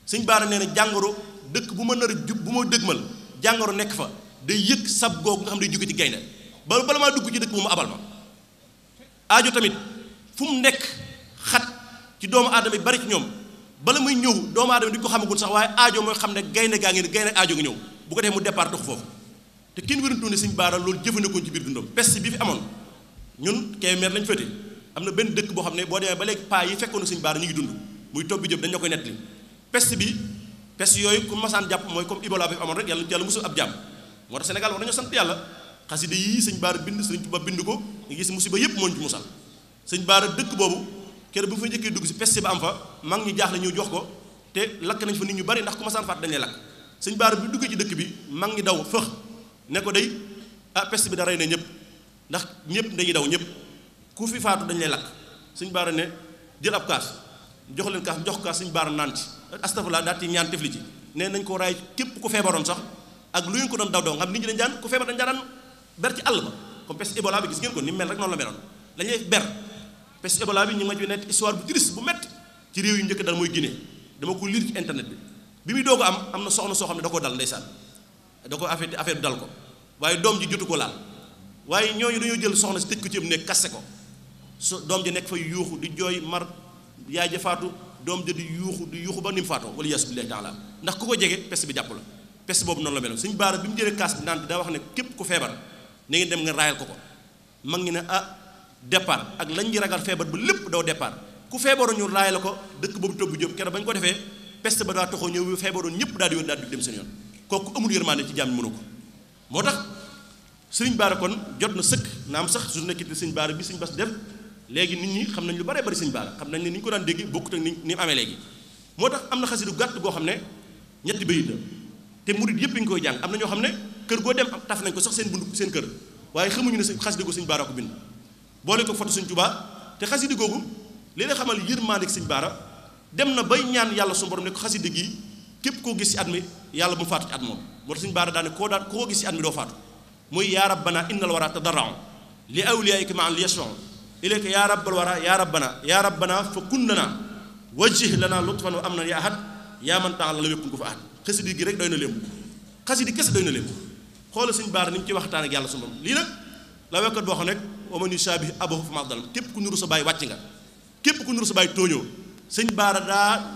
sëñ baar nee na jàngoro dëkk bu ma nar a jub bu ma dëgmal jàngoro nekk fa day yëg sab googu nga xam ne day jóge ci gaynde ba bala maa dugg ci dëkk bu mu abal ma ajo tamit fu mu nekk xat ci doomu aadama yi bari ci ñoom bala muy ñëw doomu aadama duñ ko xamagul sax waaye aajo mooy xam ne gaynde gaa ngi ne gaynde aajo ngi ñëw bu ko defee mu départ dox foofu te kenn wérantu ne Sëñ Baara loolu jëfandikoo ci biir dundam peste bi fi amoon ñun Kébémer lañ féete am na benn dëkk boo xam ne boo demee ba léegi paa yi fekkoon na Sëñ Baara ñu ngi dund muy topp bi jëm dañ la koy nettali peste jàpp mooy comme Ibola bi fi amoon rek yàlla yàlla musul ab jàmm moo xasida yii sëñ baar bind sëñ Tuubaa bind ko nga gis musiba yëpp moo ñu ci musal sëñ baar dëkk boobu kër bu fa njëkkee dugg si pest bi am fa mag ñi jaaxle ñu jox ko te lakk nañ fa nit ñu bari ndax ku ma saan faat dañ lay lakk baara bi duggee ci dëkk bi mag ñi daw fëx ne ko day ah peste bi da ñëpp ndax ñëpp dañuy daw ñëpp ku fi faatu dañ lay lakk sëñ baar ne jël ab kaas jox leen kaas jox kaas sëñ baara naan ci astafurlah daal ci ñaan tefli ci nee nañ ko raay képp ku feebaroon sax ak lu ñu ko doon daw daw xam nit ñi dañ daan ku feebar dañ daan ber ci àll ba comme peste Ebola bi gis ngeen ko ni mel rek noonu la meloon dañu lay ber peste Ebola bi ñu ngi ma nekk histoire bu triste bu métti ci réew yu njëkk dal mooy Guinée dama ko lire ci internet bi bi muy doog am am na soxna soo xam ne da koo dal ndeysaan da ko affaire affaire dal ko waaye doom ji jotu ko laal waaye ñooñu dañoo jël soxna si tëj ko ci ko so doom ji nekk fa yuuxu di jooy mar yaay ja faatu doom ja di yuuxu di yuuxu ba ni mu faatoo wala ndax ku ko jege peste bi jàpp la peste boobu noonu la meloon suñ baara bi mu jëlee kaas naan daa wax ne képp ku feebar na ngeen dem nga raayal ko ko mag ngi ne ah départ ak lañ ñi ragal feebar bu lépp daw départ ku feebaroon ñu raayal ko dëkk boobu tobbu jëm keroog ba ñu ko defee pest ba daa toxoo ñëw feebaroon ñëpp daal di daal di dem seen yoon kooku amul yërmande ci jàmm mënu ko moo tax sëriñ baara kon jot na sëkk am sax su nekkit sëriñ baar bi sëriñ bas def léegi nit ñi xam nañ lu bare bari sëriñ baara xam nañ ne ni ñu ko daan dégg bokkut ak ni ni amee léegi moo tax am na xasidu gàtt goo xam ne ñetti bayit la te murit yëpp ngi koy jàng am na ñoo xam ne kër goo dem taf nañ ko sax seen bund seen kër waaye xamuñu ne sa xasida googu sëñ baara ko bind boole ko foto sëñ Tuubaa te xasida googu li lay xamal yërmandeeg sëñ baara dem na bay ñaan yàlla su borom ne ko xasida gi képp koo gis ci at mi yàlla mu faatu ci at moom moo tax sëñ baara daane koo daan koo gis ci at mi doo faatu muy yaa rabbana innal wara tadarra'u li awliyaika ma'an li yashfa'u ilayka yaa rabbal wara yaa rabbana yaa rabbana fa kun lana wajjih lana lutfan wa amnan yaa ahad yaa man ta'ala la wékkun ko fa ahad xasida gi rek doy na lémb xasida kese na lémb xoola suñ baara ni mu ci waxtaan ak yàlla su moom lii na la wekkat boo xam ne wa man yushaabih abahu fa maa dalam képp ku nuru sa baay wàcc nga képp ku nuru sa baay tooñoo sëñ baara daa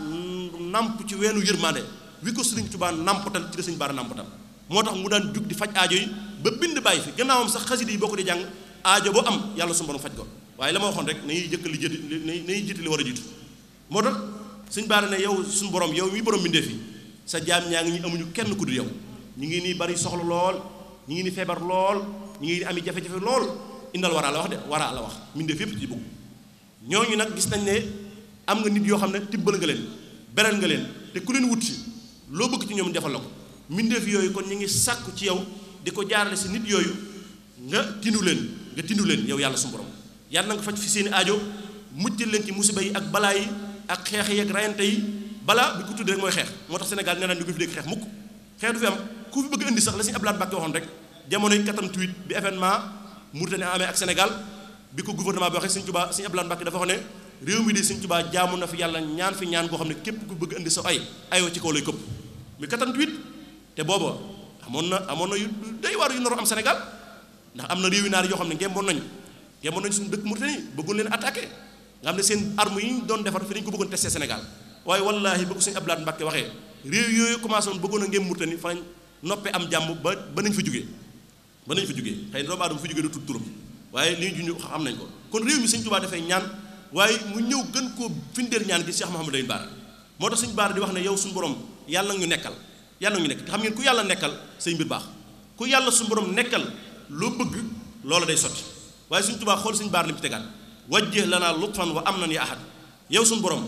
namp ci weenu yërmande wi ko sëriñ Tuubaa nampotal ci la sëñ baara nampotal moo tax mu daan jug di faj aajo yi ba bind bàyyi fi gannaawam sax xasida yi boo ko di jàng aajo boo am yàlla su borom faj ko waaye la ma waxoon rek na nañuy jëkk li na nañuy jiiti li war a jiitu moo tax sëñ baara ne yow suñu borom yow mi borom bindee fi sa jaam ñaa ngi ñu amuñu kenn ku dul yow ñu ngi nii bari soxla lool ñu ngi ni feebar lool ñu ami jafe-jafe lool indal waraa la wax de waraa la wax mbindeef yépp ci bëgg ñooñu nag gis nañ ne am nga nit yoo xam ne tibbal nga leen beral nga leen te ku leen wut si loo bëgg ci ñoom defal la ko mbindeef yooyu kon ñu ngi sàkku ci yow di ko jaarale si nit yooyu nga tindu leen nga tindu leen yow yàlla suñu borom yàlla na nga faj fi seen i aajo muccal leen ci musiba yi ak balaa yi ak xeex yi ak rayante yi balaa bu ko tudd mooy xeex moo tax Sénégal nee naan ñu ko xeex mukk xeex du fi ku bëgg indi sax la Sëriñ Abdou Lahad waxoon rek jamonoy 88 bi événement Mauritanie amee ak Sénégal bi ko gouvernement bi waxee Sëriñ Tuubaa Sëriñ Abdou Lahad Mbacké dafa wax ne réew mi de Sëriñ na fi yàlla ñaan ñaan goo xam ne képp ku bëgg indi sa ay ayoo ci kaw lay këpp mi te booba amoon na na yu day waar yu naru na yoo xam ne ngemboon nañ ngemboon nañ suñu dëkk Mauritanie bëggoon leen attaqué nga xam ne seen arme yi ñu doon defar fi dañu ko bëggoon testé Sénégal waaye waxee réew yooyu commencé woon bëggoon a ngéem Mauritanie fa lañ noppi am jàmm ba ba nañ fa jógee ba nañ fa jógee xëy na doomu aadama fa jógee du tudd turam waaye li ñu juñ xam nañ ko kon réew mi sëñ Tuubaa dafay ñaan waaye mu ñëw gën koo findeel ñaan gi Cheikh Mouhamadou Lamine Bara moo tax sëñ Bara di wax ne yow suñu borom yàlla nga nekkal yàlla ñu nekkal te xam ngeen ku yàlla nekkal say mbir baax ku yàlla suñu borom nekkal loo bëgg loola day sotti waaye suñ Tuubaa xool sëñ Bara li mu tegaat wajjih lanaa lutfan wa na ya ahad yow suñ borom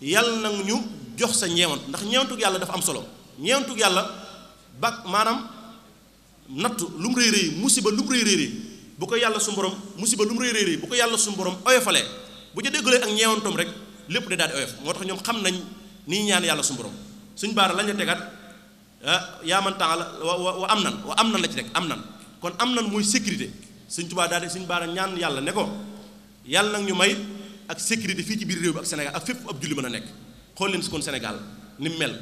yàlla na ñu jox sa ñeewant ndax ñeewantug yàlla dafa am solo ñeewantug yàlla bak manam natu lum reey reey musiba lum reey reey bu ko yalla sun borom musiba lum reey reey bu ko yalla sun borom oyofale bu ca deggale ak ñeewantoom rek lepp de daal oyof motax ñom xam nañ ni ñaan yalla sun borom suñ baara lañu tegat ah, ya man taala wa amnan wa amnan la ci rek amnan kon amnan moy sécurité suñ tuba daal di suñ baara ñaan yalla ne ko yalla nak ñu may ak sécurité fi ci biir réew bi ak Sénégal ak fepp ab julli mëna nek xol leen kon Sénégal ni mel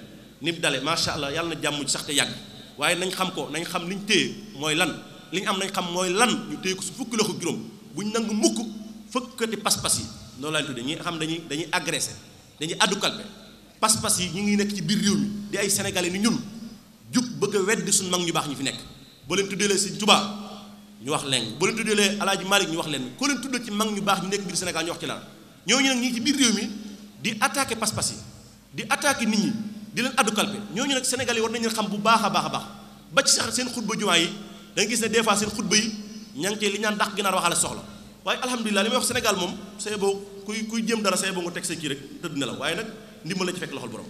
ni dale macha allah yàlla na jàmm ji sax te yàgg waaye nañ xam ko nañ xam li ñu téye mooy lan li ñu am nañ xam mooy lan ñu téye ko su fukki loxo juróom bu ñu nangu mukk fëkkati pas-pas yi loolu lañ tudde ñi xam dañuy dañuy agressé dañuy addu kalpe pas-pas yi ñu ngi nekk ci biir réew mi di ay sénégalais ni ñun jub bëgg a weddi suñ mag ñu baax ñu fi nekk boo leen tuddeelee Sëñ Tuubaa ñu wax leen boo leen tuddeelee Alaaji Malick ñu wax leen ko leen tuddee ci mag ñu baax ñu nekk biir Sénégal ñu ci lan ñooñu nag ñi ngi ci biir réew mi di attaqué pas-pas yi di attaqué nit ñi di len addu kalpe ñooñu nak sénégal yi war nañu xam bu baaxa baaxa baax ba ci sax seen khutba juma yi da nga gis ne des fois seen khutba yi ña ngi li ñaan dakh ginaar waxala soxla waye alhamdullilah limay wax sénégal mom say boo kuy kuy jëm dara say boo nga tek sa kii rek tëdd na la waye nak ndimbal la ci fekk loxol borom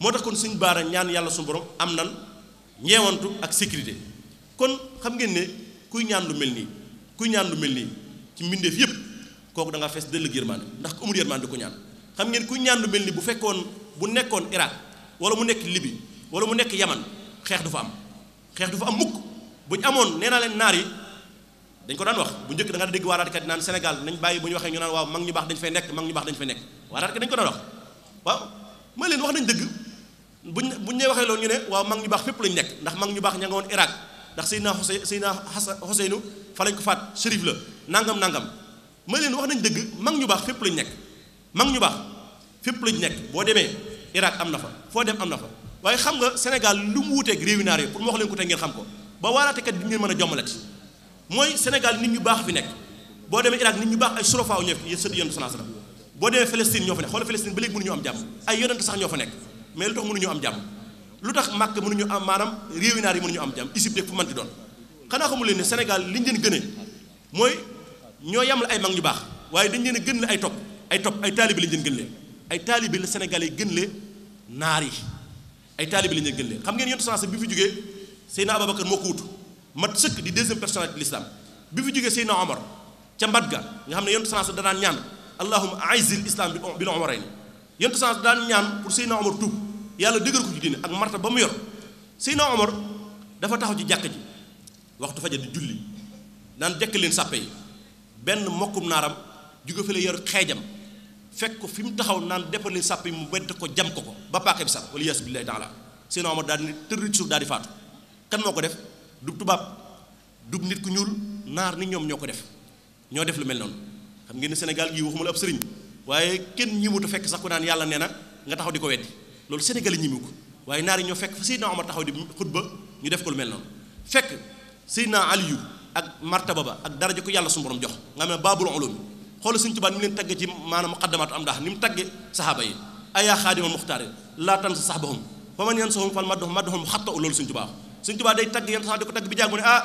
moo tax kon suñ baara ñaan yalla suñu borom am nan ñewantu ak sécurité kon xam ngeen ne kuy ñaan lu melni kuy ñaan lu melni ci mbindeef yépp koku da nga fees dëllëg yërmande ndax umur yermane yërmande ko ñaan xam ngeen kuy ñaan lu melni bu fekkon bu nekkon iraq wala mu nekk libi wala mu nekk yaman xeex du fa am xeex du fa am mukk buñ amoon nee leen naar yi dañ ko daan wax bu jëkk da nga dégg waaraatkat yi naan Sénégal nañ bàyyi bu ñu waxee ñu naan waaw mag ñu baax dañ fay nekk mag ñu baax dañ fay nekk waaraatkat ko daan wax ma leen wax nañ dëgg buñ buñ ñee waxee loolu ñu ne waaw mag ñu baax fépp lañ nekk ndax mag ñu baax ña nga woon Irak ndax Seydina Hussein Seydina Huseynu fa lañ ko faat shérif la nangam nangam ma leen wax nañ dëgg mag ñu baax fépp lañ nekk mag ñu baax fépp lañ nekk boo demee Irak am na fa fo dem am na fa waye xam nga Sénégal lu mu wuté réewi naar yi pour mo wax len ko te ngeen xam ko ba waaraatekat bi ngeen mën a jommalati mooy Sénégal nit ñu bax fi nek bo dem Irak nit ñu bax ay surafaaw ñëw fi sëtu yonent sallallahu alayhi wasallam bo dem Palestine ñofa nek xol Palestine ba leg mënu ñu am jàmm ay yonent sax ñofa nek mais lu tax ñu am jàmm lu tax mënu ñu am manam réewi yi mënu ñu am jàmm isib dëkk fu man di doon xana xamu len ne Sénégal li leen gëne moy ño yam ay mag ñu bax waye dañ leen gën ay top ay top ay talib li leen gën le ay talib li Sénégal gën le naar yi ay taalibe la ñu gën leen xam ngeen yontu sens bi fi jógee Seydina Ababacar moo ko mat sëkk di deuxième personnalité de l'islam bi fi jógee Seydina Omar ca mbat ga nga xam ne yontu sens danaan ñaan allahumma aizil islam bil omarayn yontu sens daan ñaan pour Seydina Omar tuub yàlla dëgër ko ci ak marta ba mu yor Seydina Omar dafa taxaw ci jàkk ji waxtu fajar di julli naan dëkk leen sàppe yi benn mokkum naaram jóge fa la yor xeejam fekk ko fi mu taxaw naan dépali sàpp yi mu wedd ko jam ko ko ba paaka bi sax wala yas billahi taala Seydina Omar daal di tërri ci suuf daal di faatu kan moo ko def du tubaab du nit ku ñuul naar ni ñoom ñoo ko def ñoo def lu mel noonu xam ngeen ne Sénégal gii waxuma sëriñ waaye kenn ñi mutu fekk sax ku naan yàlla nee na nga taxaw di ko weddi loolu Sénégal yi ñimiwu ko waaye naar ñoo fekk fa Seydina taxaw di xutba ñu def ko lu mel noonu fekk Seydina Aliyu ak martaba ba ak daraja ko yàlla suñu borom jox nga xam ne baabul ulum xoolal Sëñ Tuubaa ni mu leen tagge ci maanaam muqaddamaatu am ndax ni mu tagge saxaaba yi ayaa xaadima muxtaar laa tan sa saxbahum fa man yan sohum fal maddohum maddohum xatta u loolu Sëñ Tuubaa Sëñ Tuubaa day tagg yan sax di ko tagg bi jàng mu ne ah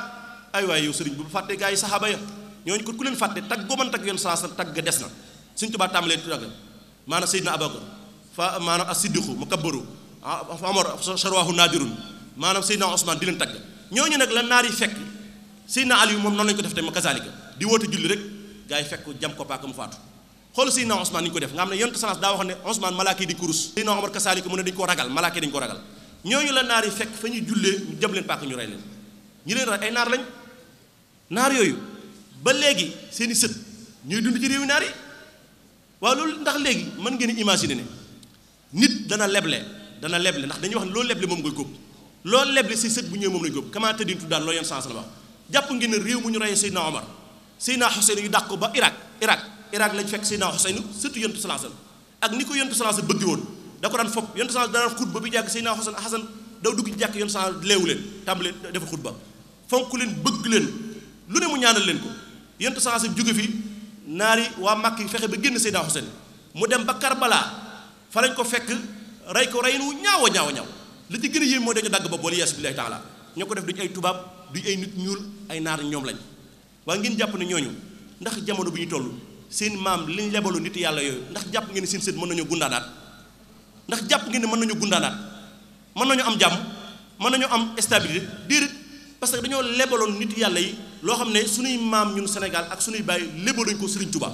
ay waay yow sëriñ bu fàtte gaa yi saxaaba ya ñooñu ko ku leen fàtte tagg goo mën tagg yoon saa tagg des na Sëñ Tuubaa tàmbalee tagg maanaam Seydina Abubakar fa maanaam asiddiqu mukabbaru amar ah, sarwaahu naadirun maanaam Seydina Ousmane di leen tagg ñooñu nag la naar yi fekk Seydina Aliyu moom noonu lañu ko def tamit kazaalika di woote julli rek gaay fekk jam ko paakam fatu xol na usman ni ko def nga xamne yonte salas da wax ne malaki di kurus no omar kasaliku mu ne dañ ko ragal malaki dañ ko ragal ñoñu la naar yi fekk fañu julle ñu jëm leen pak ñu ray leen ñi leen ray ay naar lañ naar yoyu ba legi seeni seut ñuy dund ci réewi naar yi waaw loolu ndax legi man ngeen imaginer ne nit dana leble dana leble ndax dañuy wax ne leble moom ngay góob loo leble si sët bu ñew mom lañ gop kama tedin tudal loo yenn la wax japp ngeen ne mu ñu ray seyna omar Seydina Xuseyn yi dàq ko ba Irak Irak Irak lañ fekk Seydina Xuseyn surtout yontu sallallahu alayhi ak ni ko yontu sallallahu alayhi bëgg woon da ko daan fopp yontu sallallahu alayhi wasallam daan xutba bi jàgg Seydina Xuseyn Xasan daw dugg ci jàkk yontu sallallahu alayhi wasallam leewu leen tàmbalee defal xutba fonk leen bëgg leen lu ne mu ñaanal leen ko yontu sallallahu alayhi wasallam jóge fi naari waa Màkk yi fexe ba génn Seydina Xuseyn mu dem ba balaa fa lañ ko fekk rey ko reyin wu ñaaw a ñaaw a ñaaw li ci gën a yéem mooy dañu dagg ba boole yees billahi taala ñoo ko def duñ ay tubaab duñ ay nit ñuul ay naar ñoom lañ waa ngeen jàpp ne ñooñu ndax jamono bi ñu toll seen maam liñ lebalu nit yàlla yooyu ndax jàpp ngeen seen sët mën nañoo gundaanaat ndax jàpp nga ne mën nañu gundaanaat mën nañu am jàmm mën nañu am stabilité déedéet parce que dañoo lebaloon nit yàlla yi loo xam ne suñuy maam ñun Sénégal ak suñuy bàyyi lebaluñ ko Sëriñ Tuubaa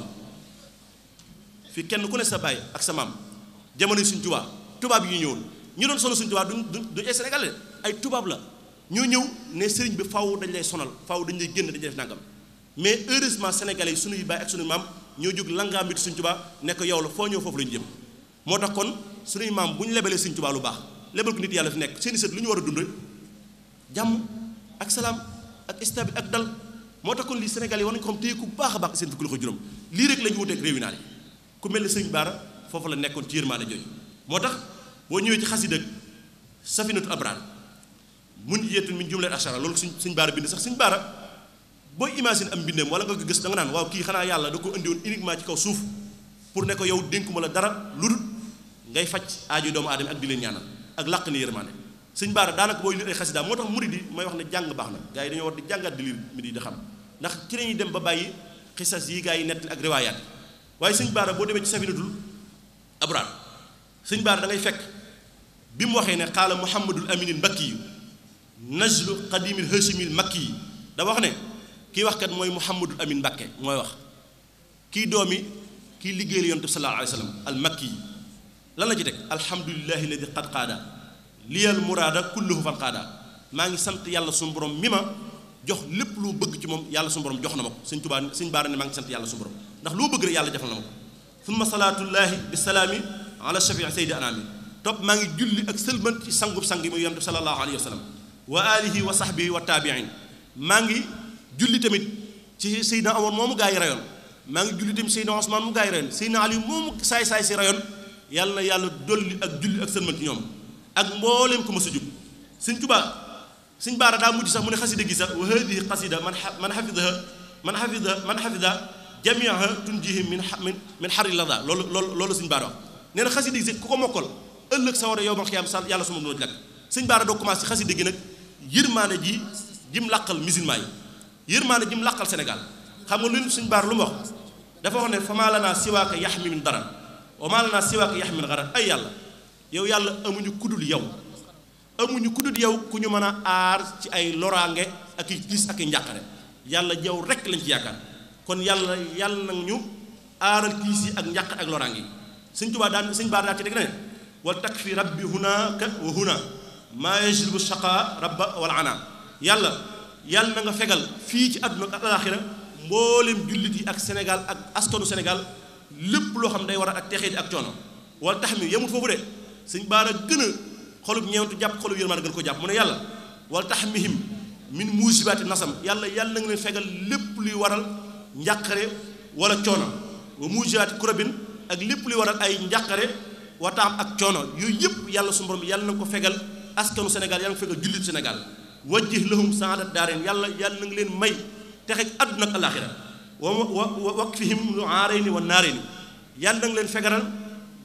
fii kenn ku ne sa bàyyi ak sa maam jamono Sëriñ Tuubaa tubaab yi ñëwoon ñu doon sonal Sëriñ Tuubaa duñ duñ ay Sénégalais ay tubaab la ñoo ñëw ne sëriñ bi faw dañ lay sonal faw dañ lay génn dañ lay def mais heureusement sénégalais yi suñuy baay ak suñuy maam ñoo jóg langaam bi suñ tubaa nekk yow la foo ñëw foofu la ñu jëm moo tax kon suñuy maam bu ñu lebalee suñ tubaa lu baax lebal ko nit yàlla fi nekk seeni sët lu ñu war a dund jàmm ak salaam ak istabi ak dal moo tax kon lii sénégalais yi war nañu ko xam téye ku baax a baax seen fukki ko juróom lii rek la ñu wuteeg réewinaal yi ku mel ne sëñ baara foofu la nekkoon ci yërmaale jooju moo tax boo ñëwee ci xasida safinatu abraar mun yeetun min jumlat ashara loolu suñ suñ baara bind sax suñ baara booy imagine am mbindeem wala nga ko gis da nga naan waaw kii xanaa yàlla da ko indiwoon uniquement ci kaw suuf pour ne ko yow dénkuma la dara lu dul ngay faj aajo doomu aadama ak di leen ñaanal ak làq ni yërmaane sëñ baara daanaka booy li ay xasida moo tax murid yi may wax ne jàng baax na gars yi dañoo war di jàngaat di liir mi di xam ndax ci lañuy dem ba bàyyi xisas yi gars yi nett ak riwaayaat waaye sëñ baara boo demee ci safinatul abraar sëñ baara da ngay fekk bi mu waxee ne xaala muhammadul aminil makki yu najlu qadimil hashimil makki yi da wax ne kii wax kat mooy Mouhamadul Amin Mbakke mooy wax kii doomi kii liggéeyal yonent bi sallallahu alayhi wa sallam al makki yi lan la ci teg alhamdulillahi alladi qad qaada liyal muraada kulluhu fan qaada maa ngi sant yàlla suñu borom mi ma jox lépp lu bëgg ci moom yàlla suñu borom jox na ma ko sëñ Tuubaa sëñ Baara ne maa ngi sant yàlla suñu borom ndax loo bëgg rek yàlla defal na ma ko summa salaatullahi bi salaami ala shafii saydi anaami topp maa ngi julli ak sëlman ci sangub sang yi muy yonent bi sallallahu alayhi wa sallam wa alihi wa sahbihi wa taabiin maa ngi julli tamit ci Seydina Omar momu gaa rayon ma ngi julli tamit Seydina usman mu gaa rayon rayoon Ali momu say say ci rayon yàlla na yàlla dolli ak julli ak sëlmal ñom ak mbolem ko ma sa jub sëñ Tuubaa sëñ Baara daa mujj sax mu ne xasida gi sax wa hadihi xasida man man hafidha man hafidha man hafidha jamiaha tunjihim min min min harri lada lolu lolu seigne bara Baara wax gi sax ku ko mokkal ëllëg sa war a yow ma yàlla suma do lakk seigne bara do commencé xasida gi nak yërmaane ji jim làqal musulman yi yërmaande ji mu làqal Sénégal xam nga lu suñ baar lu mu wax dafa wax ne fa maa lanaa siwaaka yaxmi min daran wa maa lanaa siwaaka yaxmi min daran ay yàlla yow yàlla amuñu kuddul yow amuñu kuddul yow ku ñu mën a aar ci ay loraange ak i ak njàqare yàlla yow rek lañu ci yaakaar kon yàlla yàlla nag ñu aaral kiis yi ak njàqare ak loraange yi suñ tubaa daan suñ baar daan ci dégg na ne wal takfi rabbi hunaka wa huna maa yajlibu shaqa rabba wal ana yàlla na nga fegal fii ci àdduna ak alaxira mboolem jullit yi ak Sénégal ak askanu Sénégal lépp loo xam day war ak texeeti ak coono wala tax mi yemul foofu de sëñ baara gën a xolub ñeewantu jàpp xolub yërmaan gën ko jàpp mu ne yàlla wala tax mihim min muusibaati nasam yàlla yàlla na nga leen fegal lépp luy waral njàqare wala coono wa muusibaati kurabin ak lépp luy waral ay njàqare wa taam ak coono yooyu yëpp yàlla su borom yàlla na ko fegal askanu Sénégal yàlla na ko fegal jullit Sénégal وجه لهم سعادة دارين يلا يلا نقلين مي تخيك أدنى الآخرة ووقفهم نعارين والنارين يلا نقلين فقرا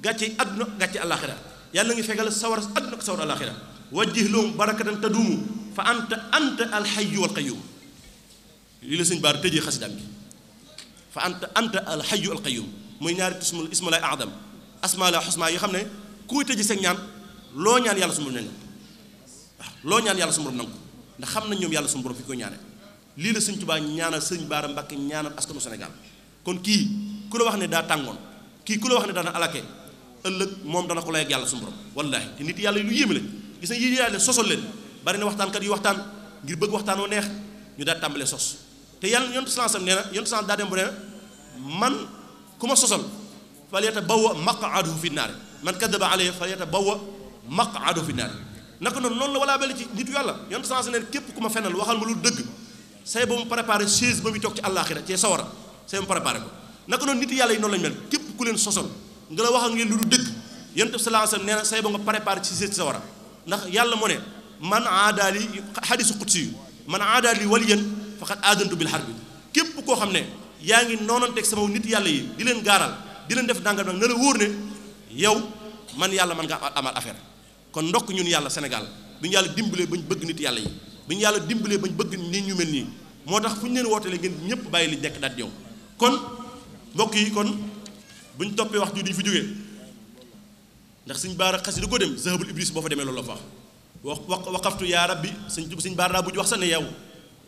غاتي أدنى غاتي الآخرة يلا نقلين فقرا سورة أدنى سورة الآخرة وجه لهم بركة تدوم فأنت أنت الحي والقيوم يلا سنج بار تجي خس فأنت أنت الحي القيوم مي نار تسمى الاسم لا أعظم أسماء لا حسماء يخمني كوي تجي سنجام لو نيان يلا سمو لو ndax xam na ñoom yàlla suñu borom fi koy ñaane lii la sëñ Tuubaa ñaanal sëñ Baara Mbàkke ñaanal askanu Sénégal kon kii ku la wax ne daa tàngoon kii ku la wax ne dana alake ëllëg moom dana ko lay ak yàlla suñu borom wallaahi te nit yàlla yi lu yéeme lañ gis na yi yàlla sosol leen bari na waxtaankat yu waxtaan ngir bëgg waxtaan woo neex ñu daal tàmbalee sos te yàlla yontu sallallahu alayhi wasallam nee na yontu sallallahu daa dem bu nee man ku ma sosal falyata bawa maqaadahu fi naare man kadaba alayya falyata bawa maqaadahu naka noonu noonu la walaa bali ci nitu yàlla yontu sens neen képp ku ma fenal waxal ma lu dëgg say ba mu préparé chaise ba muy toog ci àllaaxira cee sawara say ba mu préparé ko naka noonu nitu yàlla yi noonu lañ mel képp ku leen sosol nga la waxal ngeen lu du dëgg yontu sala salm nee na say ba nga préparé ci chaise ci a ndax yàlla moo ne man aadaali xadisu qudsi yu man aadaali képp koo xam ne yaa ngi noonanteeg sama nit yàlla yi di leen gaaral di leen def dàngam nag na la wóor ne yow man yàlla man nga amal affaire kon ndokk ñun yàlla Sénégal bi ñu yàlla dimbalee bañ bëgg nit yàlla yi bi ñu yàlla dimbalee bañ bëgg nit ñu mel nii moo tax fu ñu leen wootelee ngeen ñëpp bàyyi li nekk daal ñëw kon mbokk yi kon bu ñu toppee wax ji duñ fi jógee ndax suñ baara xas di ko dem zahabul iblis boo fa demee loolu la fa wax wax waqaftu yaa rabbi suñ suñ baara bu ñu wax sax ne yow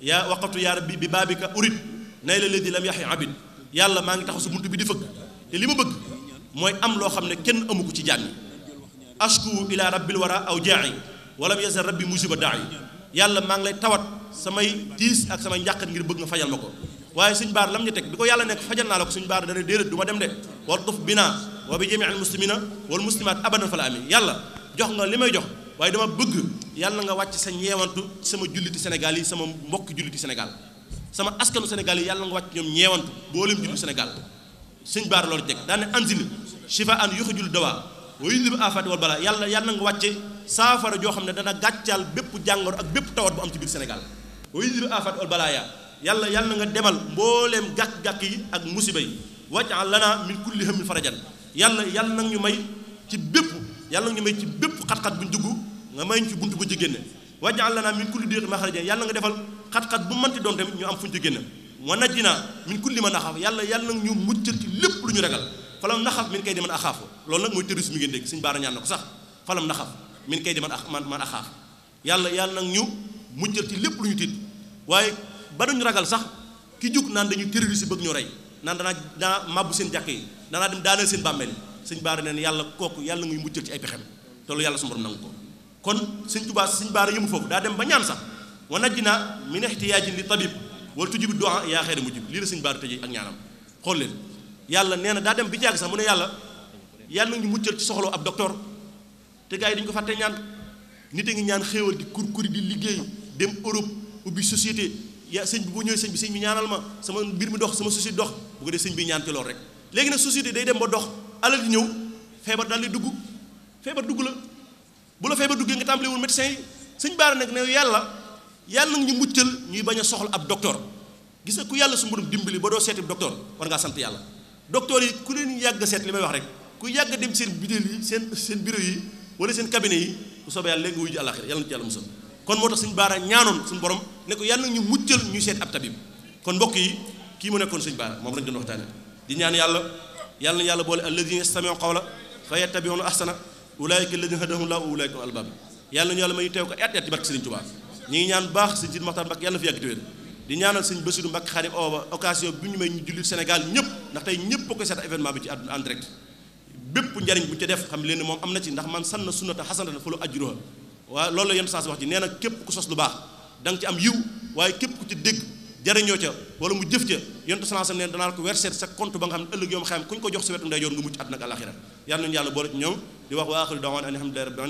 ya waqaftu yaa rabbi bi baabika urid nay la léegi lam yaxi abid yàlla maa ngi taxaw su bunt bi di fëgg li ma bëgg mooy am loo xam ne kenn amu ci jaam ashku ila rabbil wara aw jaa'i walam yazal rabbi musiba daa'i yàlla maa ngi lay tawat samay tiis ak samay njàqat ngir bëgg nga fajal ma ko waaye suñ baar lam ñu teg ko yàlla nekk fajal naa ko suñ baar dana déedéet du ma dem de war duf bina wa bi jamii al muslimina wal muslimaat abadan fa la amin yàlla jox nga li may jox waaye dama bëgg yàlla nga wàcc sa ñeewantu sama julliti Sénégal yi sama mbokk julliti Sénégal sama askanu Sénégal yi yàlla nga wàcc ñoom ñeewantu booleem julliti Sénégal suñ baar loolu teg daane anzil wa yudhibu afaati wal balaa yàlla yàlla nga wàcce saafara joo xam ne dana gàccaal bépp jàngoro ak bépp tawat bu am ci biir Sénégal wa yudhibu afaati wal balaa yaa yàlla yàlla nga demal mbooleem gàkk-gàkk yi ak musiba yi waj'al lanaa min kulli hammin farajan yàlla yàlla nag ñu may ci bépp yàlla nag ñu ci bépp xat-xat buñ dugg nga may ñu ci buntu bu ci génne waj'al lanaa min kulli diiqin maxrajan yàlla nga defal xat-xat bu mënti doon tamit ñu am fuñ ci génne wa najjinaa min kulli ma naxaaf yàlla yàlla nag ñu muccal ci lépp lu ñu ragal falam nakhaf min kay di man axaafu loolu nak moy terrorisme ngeen deg seigne bara ñaan nako sax falam nakhaf min kay di man man man axaaf yalla yàlla nag ñu muccal ci lepp lu ñu tiit waaye ba duñu ragal sax ki juk naan dañu terrorisme bëgg ñu ray naan dana da mabbu seen jakk yi dana dem daana seen bammel seigne bara neen yalla koku yalla ngi muccal ci ay pexem te loolu yàlla su ko kon seigne touba seigne bara yimu fofu da dem ba ñaan sax wa najjina min ihtiyaajin li tabib wala tujibu du'a ya xeere mujib li la suñ baara ak ñaanam xol leen Yalla, neena da dem bi jagg sax mune yalla yalla yàlla ñu muccal ci soxlo ab docteur te gars yi ko fatte ñaan nit ñaan xéewal di kurkuri di liggéey dem Europe ubi société ya señ bi bu ñëwee señ bi señ bi ñaanal ma sama bir mi dox sama souci dox bu ko de señ bi ñaan ci lool rek léegi na société day dem ba dox alal di ñëw febar dal di dugg febar dugg la bu la febar dugg nga tàmbaliwul médecin señ sëñ baara nag ne yalla yàlla nag ñu muccal ñuy baña a soxla ab docteur gis nga ku su mborom dimbali ba do docteur war nga sant yalla docteur yi ku leen yàgg seet li may wax rek ku yàgg dem seen bidéel yi seen seen bureau yi wala seen cabinet yi bu soobee yàlla léegi wuyu ji àllaaxira yàlla na kon moo tax suñu baara ñaanoon suñu borom ne ko yàlla ñu muccal ñu seet ab tabib kon mbokk yi kii mu nekkoon suñu baara moom lañ doon waxtaane di ñaan yàlla yàlla na boole alladina yastamiu qawla fa yattabiuna ahsana ulaayika alladina hadahum llah wa ulaayika al albab yàlla ñu yàlla may ñu teew ko at at ci barke Sëriñ Tuubaa ñu ngi ñaan baax sëñ Sidi Maxtaar Mbàkke yàlla na fi yàgg téwéen di ñaanal sëñ Bassirou Mbacké Xaadim Awa Ba occasion bi ñu may ñu Sénégal ñëpp ndax tey ñëpp a koy seet événement bi ci àdduna en direct bépp njariñ bu ñu ci def xam leen moom am ci ndax man sanna na képp ku sos lu baax da nga ci am yiw waaye képp ku ci dégg jariñoo ca wala mu jëf ca yontu salaasam neen danaa ko werseet sa compte ba nga xam ne ëllëg yoom xam ku ñu ko jox sa wetu ndeyjoor nga mucc àdduna ak àlaxira yàlla nañu yàlla boole ci ñoom di wax waa axiru dawaan alhamdulillahi